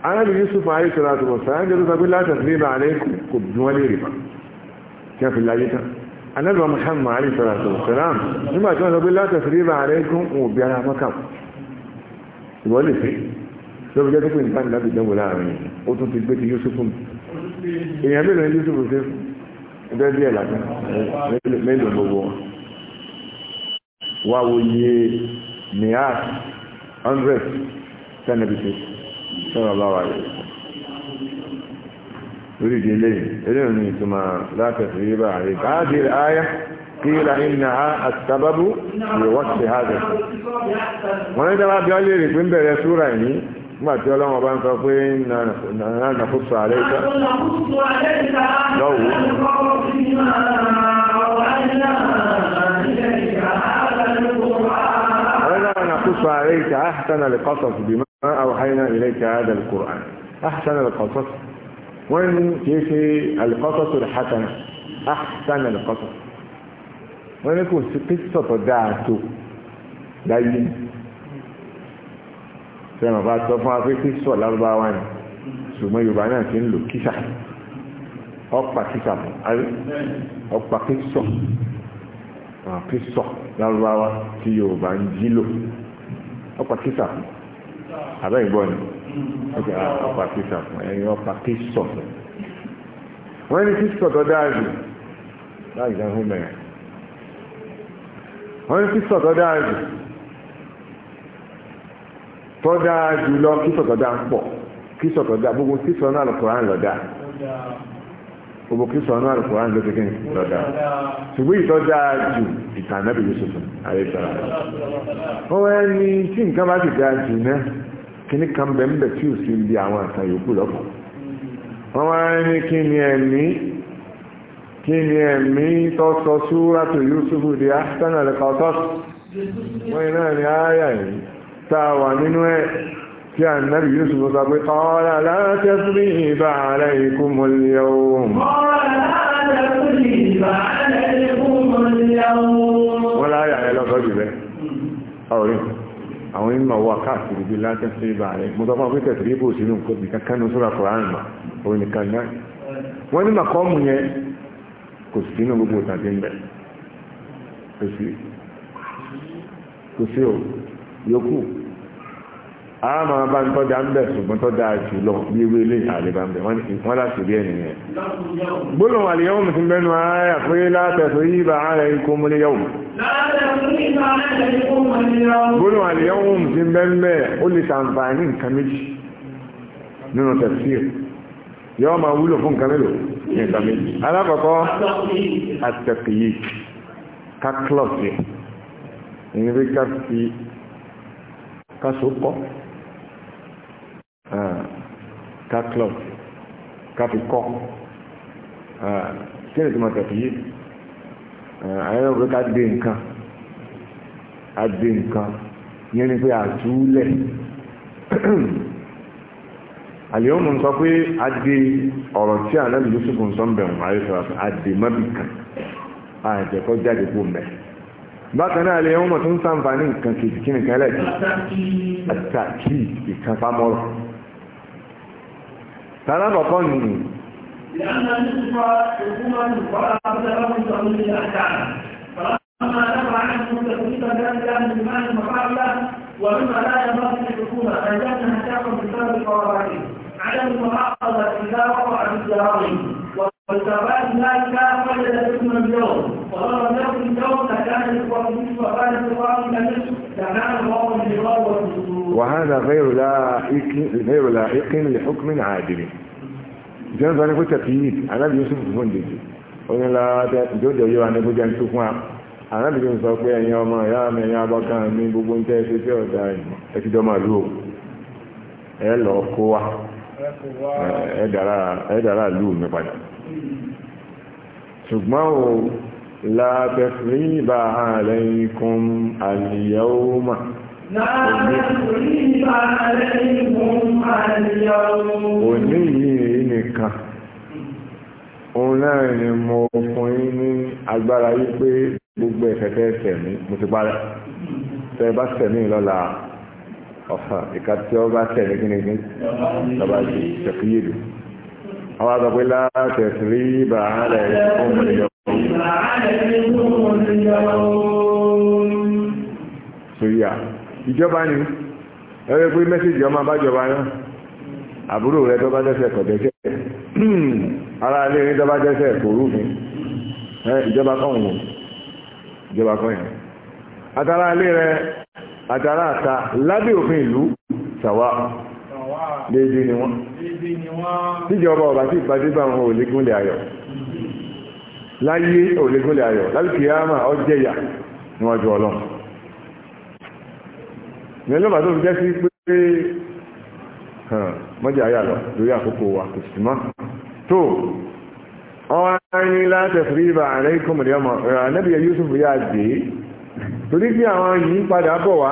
ànábì Yusuf ayé sọ̀rọ̀ àtùbọ̀ sàájọ́ tó sọ pé láti àtìlẹ́bà alẹ́ kò bí wọ́n lè rí bá kí a fi láyé tán ànábì Muhammad alẹ́ sọ̀rọ̀ àtùbọ̀ sàrám nígbà tí wọ́n sọ pé láti àtìlẹ́bà alẹ́ kún òbí ara mọ́kà ìwọ́lẹ̀ fẹ́ lọ́bi jẹ́ pípé nǹkan ìdábì dánwò láàrin ó tún ti gbé ti Yusufu èèyàn mélòó ni Yusufu ṣe bẹ́ẹ̀ díẹ̀ lásán mélòó gbogbo wọn wá wo iye nìyàt hundred tẹ́nẹ̀bì ṣe sọ́nà bá wà rẹ̀ lórí ìdí eléyìí eléyìí ni ìtumọ̀ láti ẹ̀sìn yìí bá rẹ̀ káàdì ayá قيل إنها السبب في وقت هذا وانا ده بقى بيقول لي من بره سورة يعني ما تقول لهم أبان فأقوين نخص عليك نخص عليك لو أنا نخص عليك أحسن القصص بما أوحينا إليك هذا القرآن أحسن القصص وإن كيسي القصص الحسن أحسن القصص وإن يكون قصة دعته دايما sẹ́mọ̀ bá sọ fún afẹ́ tí sọ lárúbáwá ni ṣùgbọ́n yorùbá náà ti ń lò kísà ọ̀pá kísà àrí ọ̀pá kísọ̀ kísọ̀ lárúbáwá tí yorùbá ń jí lò ọ̀pá kísà àbẹ́ ìgbọ́ ni ọ̀pá kísà ẹ̀yìn ọ̀pá kísọ̀ wọ́n ní kísọ̀ tó dáa jù láì mẹ́rin wọ́n ní kísọ̀ tó dáa tọ́dá jùlọ kíso ń pọ̀ kíso tọ́dá gbogbo kíso náà gbogbo náà kí lọ́dá ṣùgbọ́n ìtọ́dá jù ìtàn Ànábì Yusuf àyẹ̀sára wọ́n wá ní tí nǹkan bá ti jù náà kíní kan bẹ́ẹ̀ bẹ́ẹ̀ tí ò sí ibi àwọn yòókù lọ́pọ̀ wọ́n wá ní kí ní táwà nínú ẹ̀ tí a nàbí Yusuf sọ pé qala la tasriba alaykumul yawm wọ́n láyà ẹ lọ́sọ́ jù bẹ́ ọ̀rí àwọn ìmọ̀ wà káàkiri bí la tasriba alaykum mọ́tọ́ fún pẹ́tẹ̀ sí ibò sínú wọ́n kò sí nínú gbogbo ìtàgé ń bẹ̀ kò sí kò yòókù a máa bá ń tọ́jà ń bẹ̀ ṣùgbọ́n tọ́jà jùlọ bí ewé ilé àlebà ń bẹ̀ wọ́n láti rí ẹni yẹn. gbólóhùn wal yawm ti bẹ́nu ayà pé látẹ̀sọ yí bá ara ikú múlé yawm. gbólóhùn wal yawm ti bẹ́ẹ̀ ó lè ṣàǹfààní nǹkan méjì nínú tafsir yọ́ máa wúlò fún nǹkan mélòó ní nǹkan méjì. alákọ̀ọ́kọ́ àtẹ̀kìyí káklọ̀sì ìyẹn ká so kọ́ ah, ká club ká fi kọ́ ah, kí ni tó máa tẹ̀sí yìí àwọn ah, ọ̀rẹ́ ká dé nǹkan á dé nǹkan yẹn ni pé àtúlẹ̀ àlèyàn ń sọ pé adé ọ̀rọ̀ tí ànábì Yusuf ń sọ ń bẹ̀rùn àyè sọ̀rọ̀ adé mọ́bìkan àjẹkọ́ jáde kó mẹ́rin bákan náà lè wọ́n mọ̀ tó ń sàǹfààní nǹkan kejì kí nìkan lẹ́ẹ̀kì àtàkì ìkan pamọ́rọ̀ tààrà kọ̀ọ̀kan nìyí. لأن النصف حكما ولا بد له من تأويل الأحكام فلما نفع عنه تثبيت ذلك من إيمان المقابلة ومما لا ينبغي للحكومة أن يكون احتياطا بسبب قراراتهم عدم المعارضة إذا وقع في والثبات لا كان ولا يكون اليوم فلو لم يكن اليوم لكان الوقت وكان الوقت لكان الوقت وهذا غير لائق غير لائق لحكم عادل jẹ́nà ní kó tẹ̀kìyìn anábìyí yóò fún fún dèjì onílàádẹ́ ìjọ́jọ́ yóò wà ní kó jẹ́ ń tó fún wa anábìyí sọ pé ẹ̀yin ọmọ ìyá mi ẹ̀yin abọ́kàn mi gbogbo ń tẹ́ ṣe tí ọ̀dà ẹ̀tìjọ́ máa lù ó ẹ̀ lọ kó wa ẹ̀ dára lù mí padà ṣùgbọ́n o lábẹ̀fìrí bá alaykum al-yawma òní yìí nìkan òun náà ni mo fún yín ní agbára yí pé gbogbo ẹ̀fẹ̀fẹ́ tẹ̀mí mo ti parẹ́ tẹ́ bá tẹ̀mí lọ́la ọ̀fà ìka ọ bá tẹ̀mí kí ni gbé àwọn àgbàgbé látẹ̀sírí ibà ààrẹ ìfún ìyọ́ ìjọba ni ẹgbẹ́ pé mẹ́sìlì ọmọ àbájọba náà àbúrò rẹ̀ tó bá dẹ́sẹ̀ kọ̀ dẹ́sẹ̀ ara ilé ní tó bá dẹ́sẹ̀ kò rúfin ìjọba kan wò ìjọba kan yẹn àtàrà ilé rẹ̀ àtàrà àta lábẹ́ òfin ìlú sàwà déédéé ni wọ́n níjọba ọba tí ìpàdé bá wọn òlégúnlẹ̀ ayọ̀ láyé òlégúnlẹ̀ ayọ̀ lálùkìyàmà ọjẹ́yà níwájú ọlọ́run nílọ́bà tó fi jẹ́ sí pé mọ́jẹ́ ayà lọ lórí àkókò wa kò sì mọ́ tó ọwá ní láti fi ríbà ààrẹ ikọ̀mọ̀lẹ́ọmọ ẹ̀rọ anábìyà Yusuf yá dé torí pé àwọn yìí padà bọ̀ wá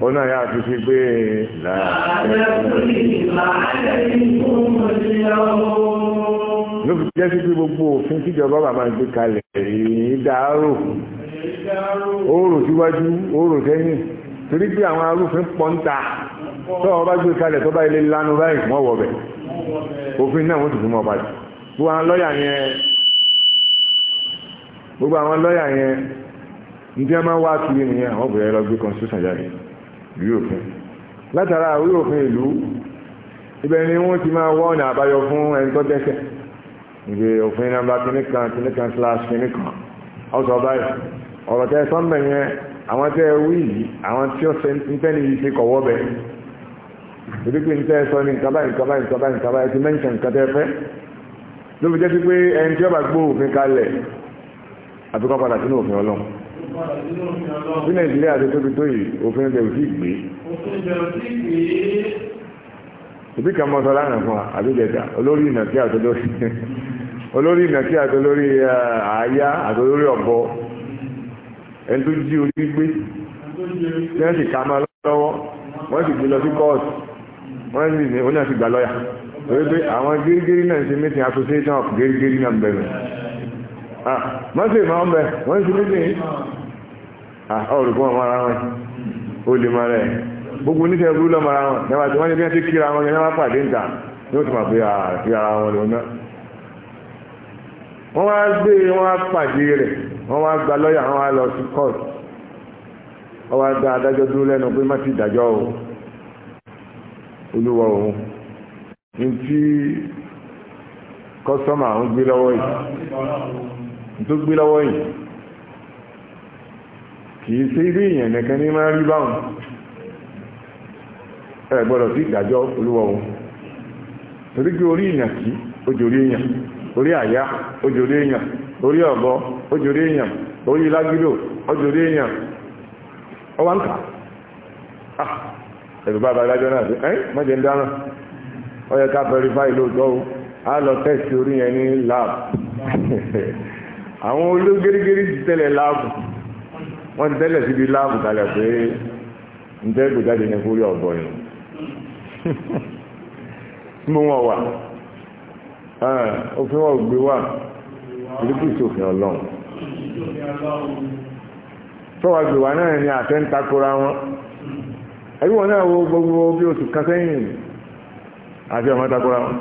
ó náà yà fi fi pé ló fi jẹ́ sí pé gbogbo òfin tíjọba bàbá ń gbé kalẹ̀ èyí dàárò oòrùn síwájú oòrùn sẹ́yìn torí pé àwọn arúfin pọ̀ ń ta tó ọba gbé kalẹ̀ tó bá ilé lánú báyìí wọ́n wọ̀ bẹ̀ òfin náà wọ́n ti fún ọba jù gbogbo àwọn lọ́yà yẹn gbogbo àwọn lọ́yà yẹn ní tí wọ́n máa wá kiri nìyẹn àwọn obìnrin lọ gbé constitution jáde ìwé òfin látara ìwé òfin ìlú ibẹ̀ ni wọ́n ti máa wọ́n ọ̀nà àbáyọ fún ẹni tó dẹ́ṣẹ̀ ìgbé òfin nàmbà kìnnìkan kìnnìkan slash kìnnìkan ọ̀sọ̀ báyìí ọ̀rọ̀ tẹ́ sọ́mbẹ̀ yẹn àwọn tẹ́ wí yìí àwọn tí ó ntẹ́ni yìí ṣe kọ̀wọ́ bẹ̀ torí pé ntẹ́ sọ ní nkàbá nkàbá nkàbá nkàbá ẹ ti mẹ́ǹkà nkà tẹ́ fẹ́ ló fi jẹ́ sí pé ẹni tí ó bá gbó òfin kalẹ̀ àbíkọ́ padà sínú òfin ọlọ́run bí nàìjíríà ti tóbi tó yìí òfin ìbẹ̀rù sí ìgbé ìbí kan mọ́ sọ lánàá fún wa àbíjẹta olórí ìnàkí àtolórí olórí ìnàkí àtolórí àáyá àtolórí ọ̀bọ ẹni tó jí orí gbé tí wọ́n sì ká máa lọ́wọ́ wọ́n sì gbé lọ sí kóòtù wọ́n sì ní oní àti gbà lọ́yà torí pé àwọn gírígírí náà ṣe meeting association of gírígírí náà ń bẹ̀rẹ̀ ah, wọ́n sì máa ń bẹ̀ wọ́n sì meeting Ah, ọ̀rùkún ọmọ ara wọn ó lè gbogbo oníṣẹ́ burú lọ́mọ ara wọn nígbà wọ́n ní bí wọ́n ti kíra wọn yẹn wọ́n pàdé níta ní àti ara wọn lò ná. wọ́n wá gbé wọ́n pàdé rẹ̀ wọ́n wá gba wọ́n wá lọ sí court wọ́n wá gba adájọ́ dúró lẹ́nu pé má ti dájọ́ o olúwa òun ní kọ́sọ́mà ń gbé lọ́wọ́ yìí ń tó gbé kìí ṣe ilé èèyàn nìkan ní máa rí ẹ gbọ́dọ̀ sí ìdájọ́ olúwa wọn torí orí èèyàn kí èèyàn orí àyá ojorí èèyàn orí ọ̀bọ ojorí èèyàn orí lágídò ojorí èèyàn ọwá ń kà á ah, ẹ̀rù bá náà ẹ́ ń dáná yẹ ká lóòótọ́ o á lọ test orí yẹn ní lab (laughs) àwọn ológérégéré ti tẹ́lẹ̀ láàbù wọ́n ti tẹ́lẹ̀ síbi láàbù kalẹ̀ pé ń tẹ́ kò ní fúrí ọ̀bọ yìí tí wà òfin wọn gbé wà ìlúkù ọlọ́run gbé wà náà àtẹ́ ń wọn wọn náà wo gbogbo bí oṣù kásẹ́yìn àti ọmọ takora wọn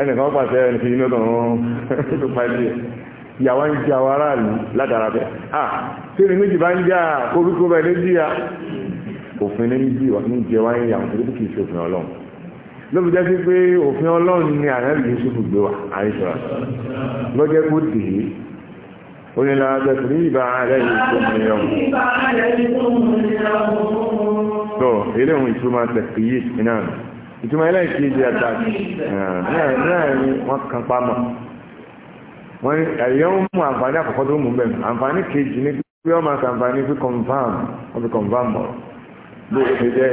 ẹnìkan pàṣẹ yìí (laughs) ìyàwó ń jà wàrà lù ládàra bẹ́ẹ̀ à sínú méjì bá ń jà orúkọ bẹ́ẹ̀ ló jìyà òfin ní jì wà ní jẹ wá ń yà òfin kì í ṣe òfin ọlọ́run ló fi jẹ́ sí pé òfin ọlọ́run ni ànábì Yusuf gbé wa àìsàn lọ́jọ́ kó dè é ó ní lára bẹ́ẹ̀ fún ìbá alẹ́ yìí tó ń yọ. tó eléhùn ìtumọ̀ tẹ̀kíyè náà ìtumọ̀ ẹlẹ́ẹ̀kejì àtàkì náà ni wọ́n kan pa mọ́ wọ́n ní ẹ̀yọ́ ń mú àǹfààní àkọ́kọ́ tó mú bẹ́ẹ̀ àǹfààní kejì ní bí wọ́n máa sàǹfààní fi confam wọ́n fi confam mọ̀ bó o ṣe jẹ́.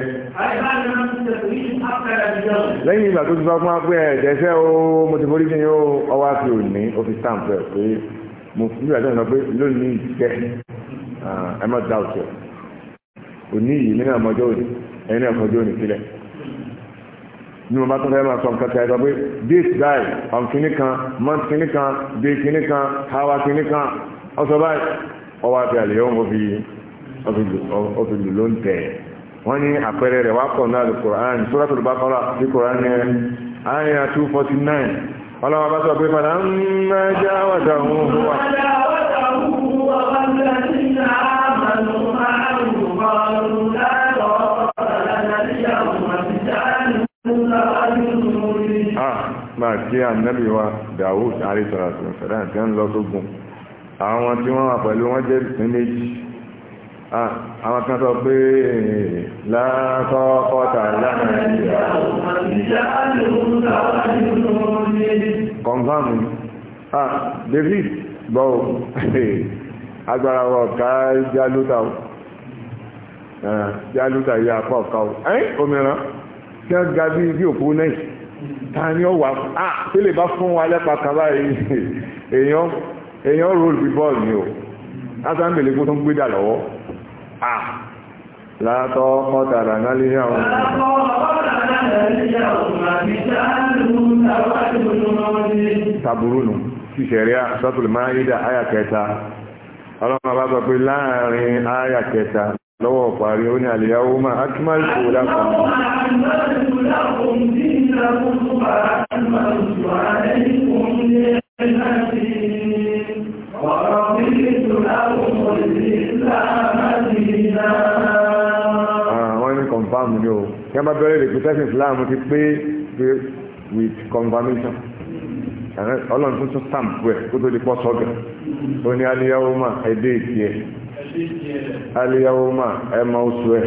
lẹ́yìn ìgbà tó ti sọ fún wa pé ẹ̀ẹ́dẹ́sẹ́ o mo ti forí kíni o ọwọ́ àti òní o fi stamp ẹ̀ pé mo fi bí àtẹ̀yìn lọ pé lónìí ìjẹ́ ah, ẹ má dá òṣèlú òní yìí nínú àmọ́jọ́ òní ẹni àmọ́jọ́ òní sílẹ̀ ní wọn bá tún fẹ́ máa sọ nǹkan tẹ́ ẹ sọ this guy ọ̀n kìíní kan month kìíní kan day kìíní kan hour kìíní kan ọsọ báyìí ọwọ́ àti àlè yóò wọ́n fi ọfi lù ló ń tẹ̀ wọ́n ní àpẹẹrẹ rẹ̀ wá pọ̀ náà Al-Qur'an Suratul Baqara sí Qur'an ní àyà 249 ọlọ́wọ́ bá sọ pé padà ń mẹ́já wàjà òun wà. wàjà wàjà òun wà wàjà sí àmàlùmáàlù nípa tí ànábì wa Dawud àríṣàràṣùn sẹ̀dá tí ó ń lọ sógun àwọn tí wọ́n wà pẹ̀lú wọ́n jẹ́ ìpín méjì àwọn kan sọ pé láàkọ́kọ́ta láàrin ìyá kọ̀nfàmù David bọ́ọ̀ (laughs) agbára wọ ká jálúta jálúta ìyá apá ọ̀ká ẹ́ òmìnira tí wọ́n ga bí òkú náà tani ọwà ah tí lè bá fún wa lẹ́pa kan báyìí (laughs) èèyàn èèyàn roll the ball ni o lásán bèlè kó tó ń gbé dà lọ́wọ́ ah látọ́ ọ̀tà lànà lè yà wọn. tàbúrú nù ṣíṣẹ̀rí lè máa yí dà áyà kẹta ọlọ́run bá sọ pé láàrin áyà kẹta lọ́wọ́ parí ó ní máa kò لكم وأنزل عليكم نعمتي ورضيت لكم الإسلام دينا Islam ti pé with confirmation ọlọ́run tó tún stamp rẹ̀ kó tó di pọ́ sọ́gẹ̀ ó ní aliyahu ma ẹ̀dẹ́ ìtì ẹ̀ aliyahu ma ẹ̀mọ oṣù ẹ̀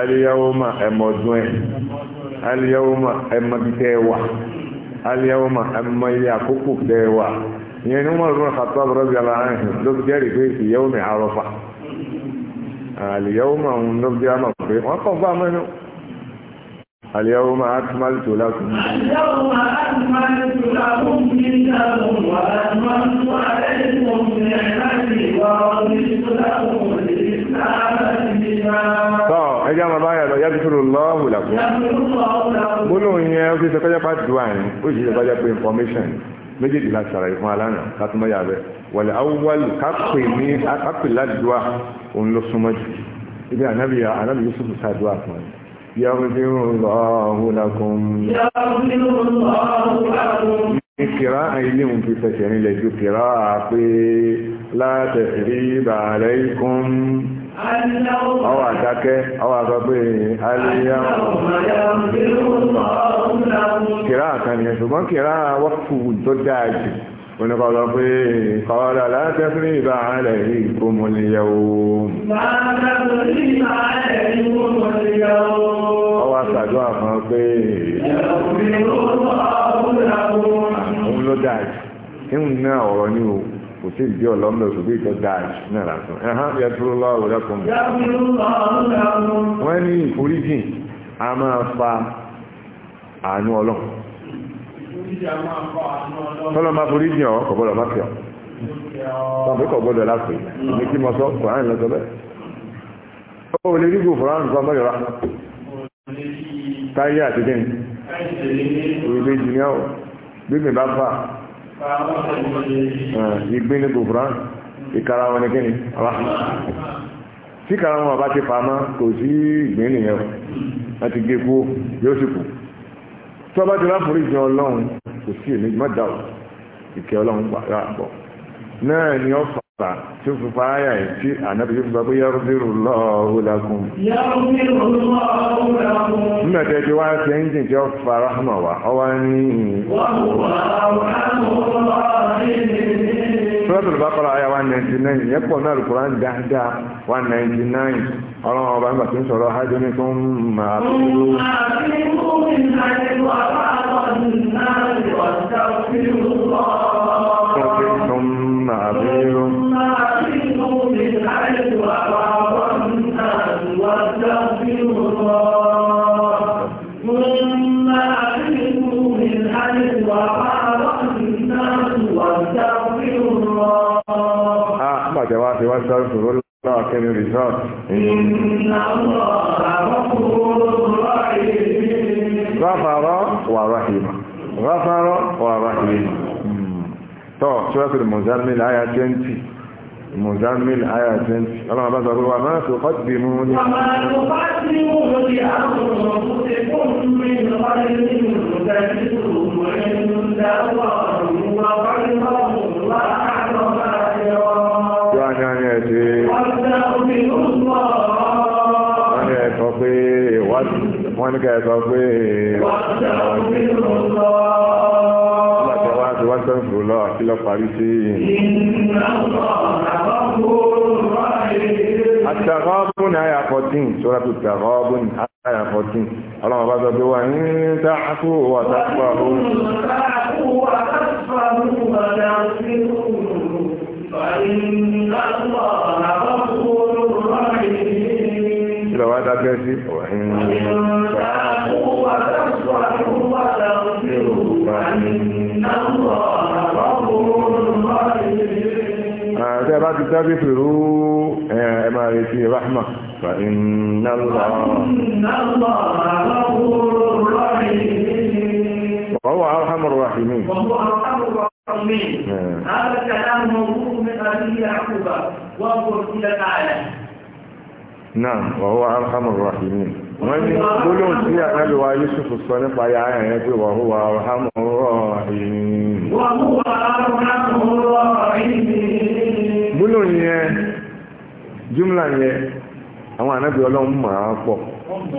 aliyahu ma ẹ̀mọ ọdún ẹ̀ aliyahoma ẹ̀mọ́bi tẹ́ wà aliyahoma ẹ̀mọ́yẹ àkókò tẹ́ wà ìyẹn ni wọ́n rúnra kàtó àbúrò bí ala ẹ̀ ló fi jẹ́rìí pé ìyahoma àrọ́fà aliyahoma ń ló fi jẹ́rìí pé wọ́n kàn fún amẹ́nu. اليوم أكملت لكم اليوم أكملت لكم دينكم وأتممت يغفر الله لكم بلون يا اوكي سكايا بات دوان اوكي سكايا بي انفورميشن ميجي دي لاسارا يفالانا كاتما يابي والاول كقي الله اقق لا دوا ان الله سمج اذا نبي انا يوسف سادوا اسمان يغفر الله لكم يغفر الله لكم في قراءه ọwọ́ àdákẹ́ ọwọ́ àgbàgbé aliyahun kìrá àkànni ṣùgbọ́n kìrá wọ́pù tó dáa jù oníkọ̀ọ́lọ́ pé kọ́ọ́lọ́ látẹ́fẹ́ ìbá ààrẹ ìkómọlẹ́yàwó ọwọ́ àṣàdọ́ àfọn pé òun ló dáa jù ìhùn náà ọ̀rọ̀ ní òun kò sí ìdí ọ̀lọ́ mẹ́ òṣùgbé ìtọ́ dáàjì náà lásán ẹ̀hán yẹ dúró lọ́rọ̀ lẹ́kùn wọ́n ní ìforíjìn a máa fa àánú ọlọ́run tọ́lọ́ máa foríjìn ọ̀ kò gbọ́dọ̀ máa fi ọ̀ tọ́bí kò gbọ́dọ̀ láti ní kí mm. mo sọ kòrán lọ́jọ́ bẹ́ẹ̀ ó lè rí gbòòfò ráńdù kan mọ́yọ̀rá táyé àti kí ni òwe méjì Ah, ìgbé ní gòfúrán ìkara wọn ní kíni aláhùn tí kara wọn bá ti pamọ́ kò sí ìgbín nìyẹn láti gé kú yóò sì kù tó bá ti láforí jẹ ọlọ́run kò sí èmi má ìkẹ́ ọlọ́run gbà bọ̀ náà ni ó fa tí ó fi fa ayà yìí tí ànábi yóò fi sọ pé yọrùbírù lọ́ọ̀hún lakum. yọrùbírù lọ́ọ̀hún lakum. nígbà tí ẹ ti wá sí ẹ́ńjìn tí ó fa rahama wa ọ wá ní. wọ́n wà láwọn sọ́dọ̀ 199 yẹ́pọ̀ náà lùkùrán dáadáa 199 ọlọ́run ọba nígbà ní tó ń máa kúrú. الإسراف إن الله غفور رحيم غفر ورحيم غفر ورحيم طب سورة المزمل آية 20 المزمل آية 20 الله ما ضروا وما تقدموا وما تقدموا لأنفسكم من خير تجدوه عند الله wọ́n ní kẹ́ẹ̀sọ pé wọ́n tẹ́wọ́n lọ kí lọ parí sí Àtàrọ́bùn àyà 14, ṣọ́rọ̀ tó tàrọ́bùn àyà 14, ọlọ́run bá sọ pé wà ní tààkù wà tààkù àwọn ọmọ فاكت وإن فاقوا وتصلحوا وتغفروا فإن الله غفور رحيم هذا بعد تغفروا يا إمارتي رحمة فإن الله فإن الله غفور رحيم وهو أرحم الراحمين وهو أرحم الراحمين نعم. هذا الكلام موضوع من أبي يعقوب وانظر إلى الآية náà wọ̀húwà arhamar rahimin wọ́n ní gbólóhùn sí Yusuf sọ nípa ya ayà yẹn pé wọ̀húwà arhamar rahimin gbólóhùn yẹn àwọn ànábì ọlọ́run máa pọ̀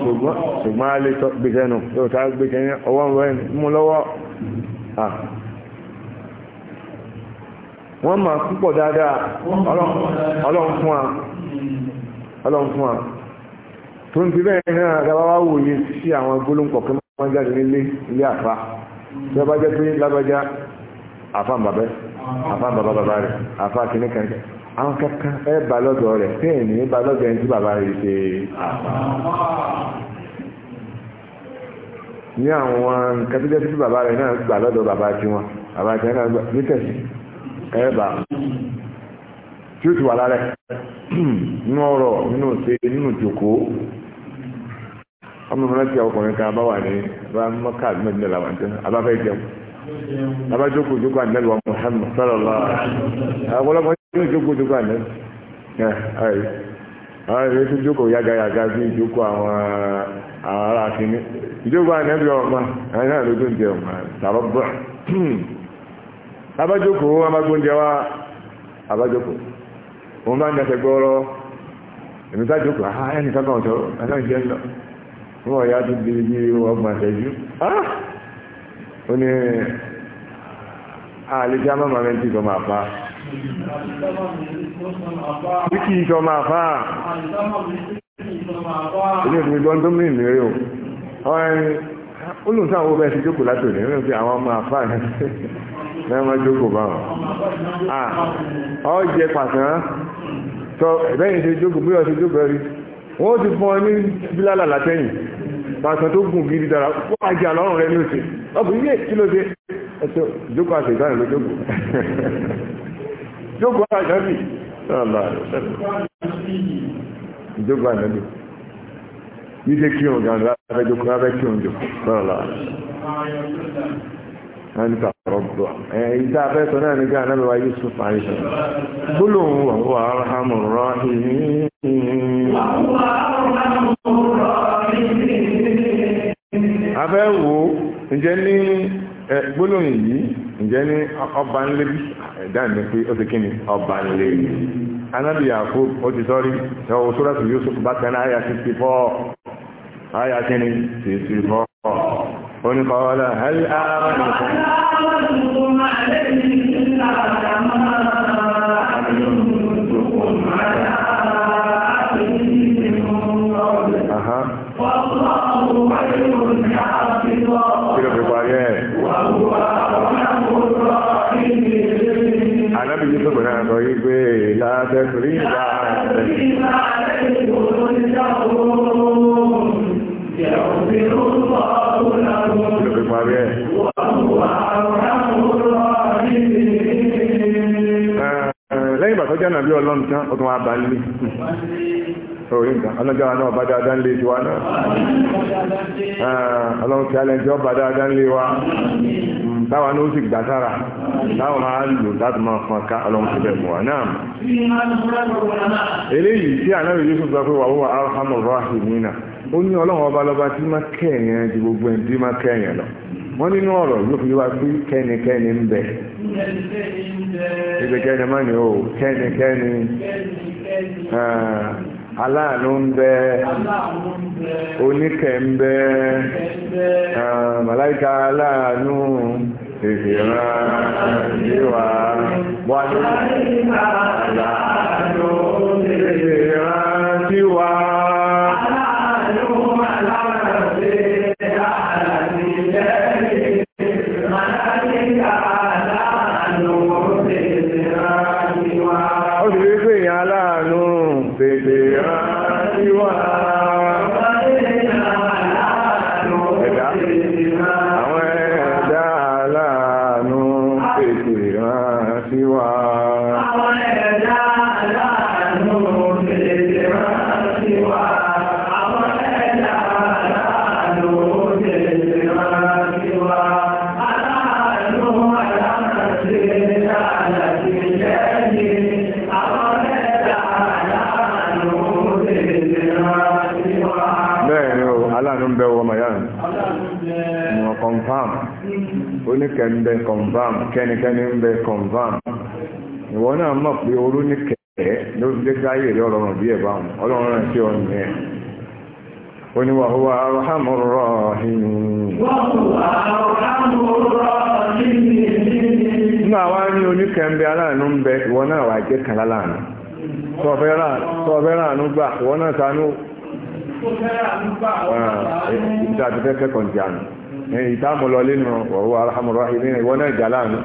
ṣùgbọ́n a lè nù ní ọwọ́ mú lọ́wọ́ wọ́n máa púpọ̀ dáadáa ọlọ́run fún wa ọlọ́run fún wa tó ń ti bẹ́ẹ̀ náà àgbàwá wòye sí àwọn gbólóńpọ̀ kí wọ́n jáde nílé ilé àfa tí wọ́n bá jẹ́ pé lábájá àfa bàbẹ́ àfa bàbá bàbá rẹ̀ àfa kìnnìkan àwọn kankan ẹ bá lọ́dọ̀ rẹ̀ tẹ́ẹ̀ ní bá lọ́dọ̀ ẹni tí bàbá rẹ̀ ṣe àfa ní àwọn nǹkan tó bàbá rẹ̀ náà gbà lọ́dọ̀ bàbá tí wọn bàbá tí wọn náà gbà nítẹ̀sí ẹ bá tí ó ti wà lálẹ́ nínú ọ̀rọ̀ nínú òṣè nínú ìjòkó ọmọ ìfúnná ti ọkùnrin kan abáwà ní bá mọ́kà àdúmọ̀dé làwọn àti abáfẹ́ jẹun abájókòó jókòó àdínẹ́lùwà Muhammad sọ́lọ́lá ọ̀pọ̀lọpọ̀ yóò jókòó jókòó àdínẹ́lù àwọn ìwé tó jókòó yágayàga sí ìjókòó àwọn ará kìíní ìjókòó ànẹ́bí ọmọ náà ọmọ (clears throat) abájókòó abágbóúnjẹ abájókòó òun bá ń dẹsẹ̀ gbọ́rọ́ èmi bá jókòó ah ẹnì kan kan sọ̀rọ̀ aláìjẹ́ lọ wọ́n ọ̀yá tó di ní ọgbọ̀n àtẹ̀jú ah ó ní àlejò amáma mẹ́tì tó máa fa tí kì máa fa ilé ìfúnni gbọ́n tó mìíràn rèé o ọ̀rẹ́ olùsáwọ́ bẹ́ẹ̀ ti jókòó látòlẹ́ rẹ̀ pé àwọn ọmọ àfáà mẹ́mọ́ jókòó bá wọn ọ jẹ pàtàkì sọ ẹ̀bẹ́yìn ṣe jókòó bí ọ̀ṣẹ́ jókòó rí wọ́n ti fún ọ ní bílálà látẹ́yìn pàtàkì tó gùn gidi dára wọ́n á jẹ àlọ́rùn rẹ ló ṣe ọkùnrin yé kí ló ṣe ẹ̀ṣọ́ jókòó àṣẹ ìdáhùn ló jókòó (laughs) jókòó àṣẹ́bì jókòó àṣẹ́bì yíṣe kí òun gan-an lábẹ́ jókòó lábẹ́ kí òun jókòó أنت رب إنت أعطيتنا نجاة نبوى يوسف عليه السلام قل وهو أرحم الراحمين وهو أرحم الراحمين أبو نجاني gbólóhùn yìí ǹjẹ́ ní ọba ń lébi dáàmì pé ó ti kí ni ọba ń lébi anábì yàkó ó ti sọ́rí ẹ̀wọ̀ sóràtù Yusuf bákan náà àyà 64 àyà kí ni 64 قل قال هل آمنكم Alábìyí tó bẹ̀rẹ̀ àtọ̀ yí pé ìlà tẹ́kùrí ìgbà ọjọ́ náà bí ọlọ́run tán ó tún wá bá nílé orí nǹkan ọlọ́jọ́ wa náà bá dáadáa ń lé tiwa náà ọlọ́run tí alẹ́ tí ó bá dáadáa ń lé ah, wa hmm, táwa ní ó sì gbà sára táwọn máa lò láti máa fọn ká ọlọ́run tó bẹ̀ fún wa náà. eléyìí tí ànábì Yusuf sọ pé wà wúwo arhamur ó ní ọlọ́run ọba lọ́ba tí má kẹ́ẹ̀yàn ju gbogbo ẹ̀ tí má kẹ́ẹ̀yàn lọ wọ́n nínú ọ̀rọ̀ ló fi wá sí kẹ́nikẹ́ni ń bẹ ìgbẹ̀kẹ́ni má ní o kẹ́nikẹ́ni ah, aláàánú ń bẹ oníkẹ́ ń bẹ ah, màláìka aláàánú ìfìran ìwà wà lórí. ń bẹ confam kẹ́nikẹ́ni ń bẹ confam ìwọ náà mọ̀ pé orú ní kẹ̀kẹ́ ló fi dé káyè rí ọlọ́run bí ẹ̀bá ọlọ́run rẹ̀ sí ọ̀nà ẹ̀ ó ní wàhúwà arhamur rahimin nígbà wá ní oníkẹ́ńbẹ́ aláàánú ń bẹ ìwọ náà wà jẹ́ kan láàánú sọ̀fẹ́ràn àánú gbà ìwọ náà sanú ìdájúfẹ́fẹ́ kan jẹ́ àánú Eh, ìtàmùlọlé nù ọ̀rọ̀ alhamdulilayi ní ìwọ náà jàlá nù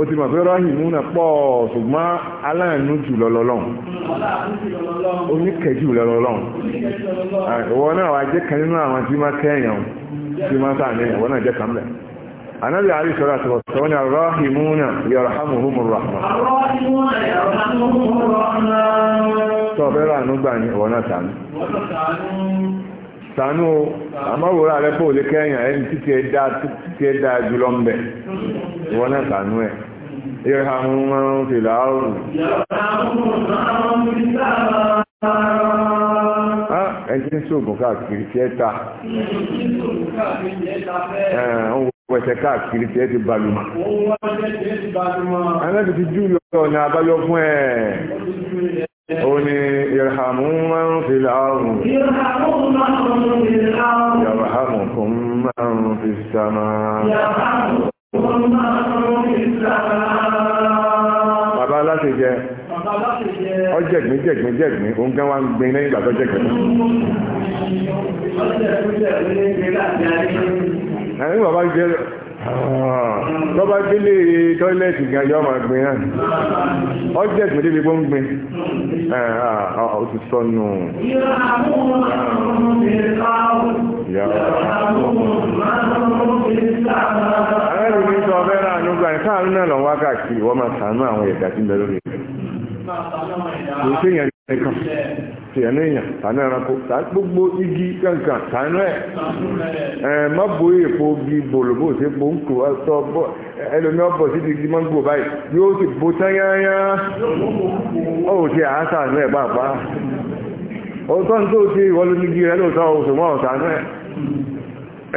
ó ti mọ̀ pé rahimu náà pọ̀ ṣùgbọ́n aláàánú jù lọ́lọ́lọ́n oníkẹ́jù lọ́lọ́lọ́n ah, ìwọ náà wà jẹ́ kan nínú àwọn tí máa kẹ́yàn tí máa sáà ní ìwọ náà jẹ́ kan bẹ̀ anábì àrí sọ́rọ̀ àti ọ̀sọ́ ní rahimu náà yarhamuhumur rahman tọ́ bẹ́rẹ̀ àánú gbà ní ìwọ náà sàánú Sanu, o àmọ́wòrán rẹ pò lè kẹ́yìn ẹni títí ẹ dáa títí ẹ dáa jùlọ ń bẹ̀ ìwọ náà sànú ẹ̀ irhamun fil ardh ẹ̀jẹ̀ sóògùn káàkiri tí ẹ ta eh, wẹ̀sẹ̀ káàkiri tí ẹ ti balùmọ̀ ẹ̀lẹ́bì ti jù ọ̀nà àbáyọ fún ẹ̀ òní irhamun يرحمكم من في السماء bàbá aláṣẹ jẹ ọ jẹgbin jẹgbin jẹgbin òun gan wa ń gbin lẹ́yìn ìgbà tó jẹgbin. ẹ̀yin bàbá jẹ tó bá délé tọ́ílẹ̀tì gan yọ́ máa gbin náà ọjẹ́ ìpínlẹ̀ ibi gbọ́n gbin eh, ah, ah, ó ti sọnù ẹ̀rù ní sọ fẹ́ràn ànúgbà ìkáàrún náà lọ wákàtí wọ́n máa sàánú àwọn ẹ̀dà tí ń bẹ lórí kò sí ìyẹn nǹkan tí ẹnu èèyàn tànú ẹranko tàbí gbogbo igi kankan tànú ẹ ẹ má bo èèpo bí bòlòbò ṣe bo ń kò ọtọ bọ ẹlòmí ọbọ sí igi mọ́ngò báyìí yóò sì bo tányányá ó ti àásà nú ẹ pàápàá ọtọ́ ní tó ti ìwọlú igi rẹ lóòótọ́ òṣùwọ̀n ọ̀tànú ẹ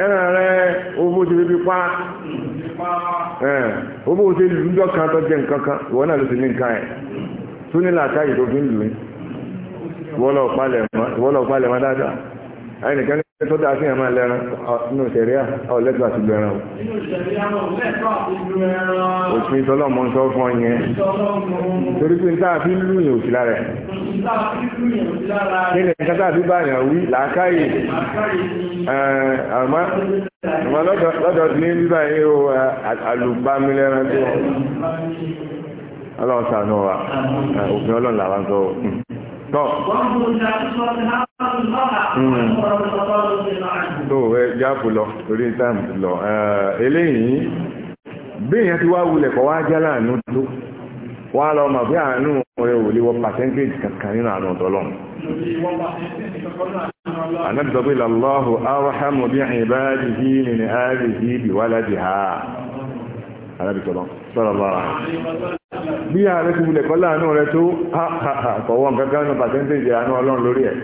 ẹran rẹ owó ti fi pa owó ti lùjọ kan tó jẹ nǹkan kan ìwọ náà ló ti ní nǹkan ya. tó ní làákàyè tó fi ń lù ú. ìwọ́lọ̀ palẹ̀ mọ́ dáadáa ẹnìkan ní tó dáa sí ẹ̀mọ́ ẹlẹ́ran nínú ìṣẹ̀ríà ọ̀lẹ́tọ̀ àti gbẹ̀rẹ̀ ọ̀ òfin tọ́lọ́mọ ń sọ fún ọ yẹn torí pé táà fi lù yẹn òsì lára ẹ̀ kí ni nǹkan táà fi bá yàn wí làákàyè àmọ́ àmọ́ lọ́dọ̀ ní bíbá yìí ó àlùbámilẹ́ran tó ọlọ́run sànú wa Hmm. tó ẹ jáàpù lọ torí táàmù lọ eléyìí bí èèyàn ti wá wulẹ̀ kọ́ wá jẹ́ láàánú tó wá lọ mọ̀ pé àánú rẹ̀ ò lè wọ pàtẹ́ńtéèjì kankan nínú àánú ọ̀tọ́lọ́run Ànábì sọ pé lọ́lọ́hù arhamu bí ìbáàdì yìí ni ààrẹ yìí bí wáládì ha. Ànábì sọ lọ́wọ́ sọ̀rọ̀ lọ́ra bí ààrẹ ti wulẹ̀ kọ́lá àánú rẹ tó kọ̀wọ́ gángan náà pàtẹ́ńtẹ́jì àánú ọlọ́run lórí ẹ̀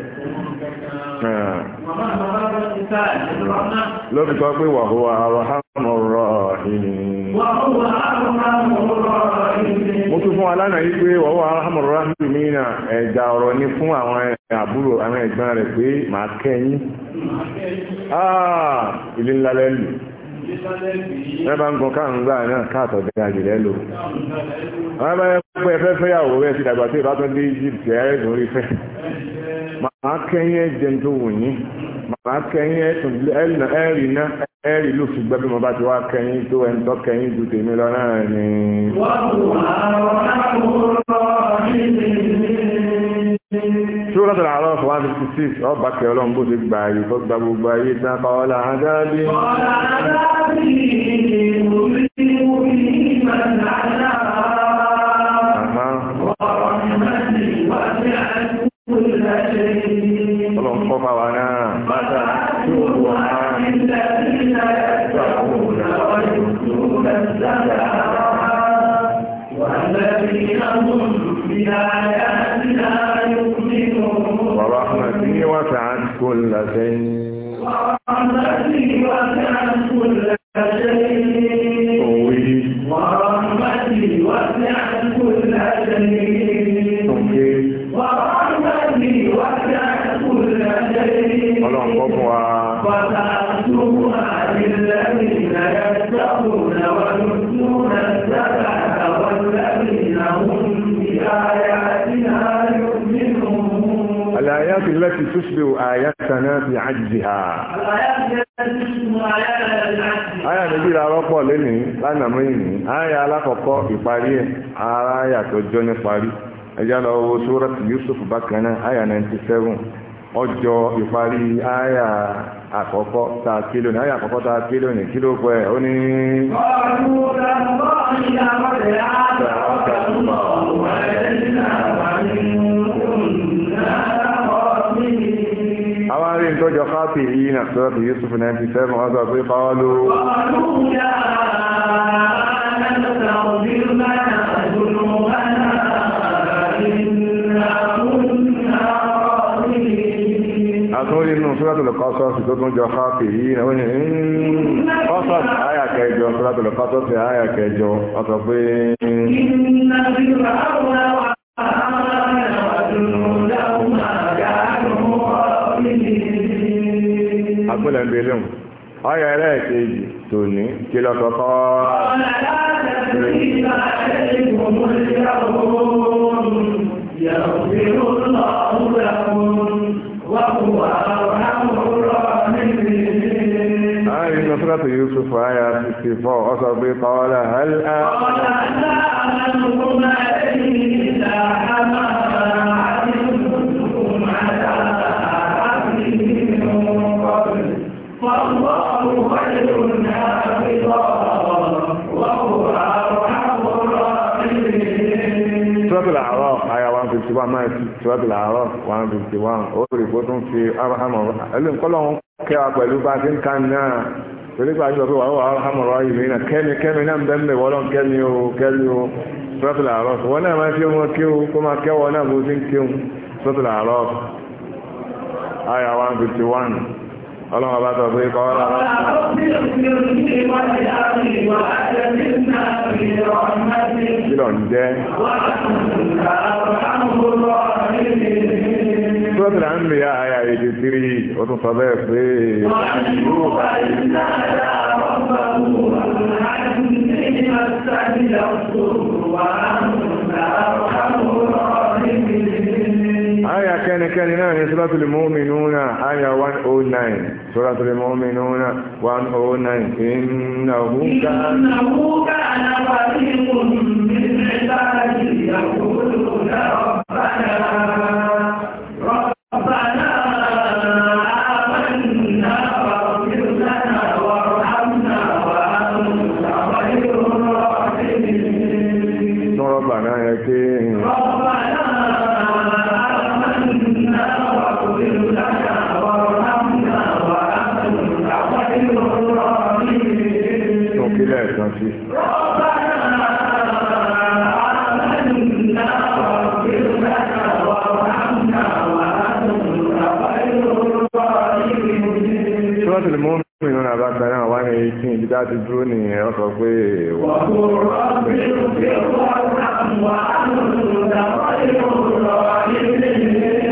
lóbi kan pé wàhùwà àrọ̀hámù rọ̀hìn mo tún fún alánà yí pé wàhùwà àrọ̀hámù rọ̀hìn mi náà ẹ̀dà ọ̀rọ̀ ni fún àwọn àbúrò àwọn ẹ̀gbọ́n rẹ̀ pé màá kẹ́yìn ah, ilé ńlá lẹ́lù ẹ bá ń gun káàrùn gbà náà káàtọ̀ dára jù lẹ́lò àwọn bá yẹ pé ẹfẹ́ ya rẹ̀ ti dàgbà tí ìbá tó dé Egypt ẹ̀rẹ́ ìdùn fẹ́ màá kẹ́yìn ẹ̀jẹ̀ tó wù yín màá kẹ́yìn ẹ̀rí ló fi gbẹ́bí mo bá ti wá kẹyìn tó ẹni tó kẹyìn ju tèmi lọ náà ni. Ṣúrọ́ tọ̀rọ̀ àárọ̀ fún 156, ọba kẹ ọlọ́run bó ti gbà ayé tó gba gbogbo ayé tán pa ọlá àjábí. Ọlá àjábí ìlú tí mo fi ìgbà náà Ọlọ́run kọ́ bá wa náà. ورحمتي وسعت كل شيء ورحمتي وسعت كل شيء ورحمتي وسعت كل شيء ورحمتي وسعت كل شيء الآيات التي تشبه آياتنا بعجزها آية نبي لا رقوة لني لا نميني آية لا قطوة بباري آية تجون بباري أجل سورة يوسف بكنا آية 97 ọjọ́ ìparí àyà àkọ́kọ́ tàà kí lónìí àyà àkọ́kọ́ tàà kí lónìí kí pẹ́ ó ní tọ́jọ káàkiri yìí náà sọ́rọ̀ Yusuf 97 hmm, wọ́n sọ pé kọ́ọ̀lù àtúnrí inú sọ́rọ̀tọ̀lọ̀ kọ́sọ́sì tó tún jọ káàkiri yìí náà wọ́n ni kọ́sọ́sì àyà kẹjọ kọ́sọ́sì àyà kẹjọ pé Thank you. agbọ́lẹ̀ ń belé hùn ọyọ ẹlẹ́ẹ̀kejì tò ní kí lọ́kọ́kọ́ Ààrin Nọ́sílátò Yusuf Aya sọ́tù làárọ̀ one fifty one ó rí kó tún fi arahamu ẹlẹ́nkọ́lọ́hún kẹwàá pẹ̀lú bá ti ń kan náà torí pé àjọ pé wàá wà arahamu rọ ìlú náà kẹ́mi kẹ́mi náà ń bẹ́ẹ̀ wọ́lọ́ kẹ́mi o kẹ́mi o sọ́tù làárọ̀ wọn náà máa ń ṣe wọn kéwu kó máa kẹ́wọ́ náà bó ti ń kéwu sọ́tù làárọ̀ àyà one fifty one ọlọ́run ọba tó pé kọ́ọ́lá kílọ̀ ń jẹ́ sọ́tìlá ń lè àyà èdè tírí ó tún sọ bẹ́ẹ̀ pé Thank ẹnikẹ́ni náà ní Suratul Mu'minuna àyà 109 Suratul Mu'minuna 109 ìnáwó kana fariqun min ibadi yaquluna rabbana Rabbana yẹ kí 18 ibi dáti dúró ní ọkọ̀ pé wà fún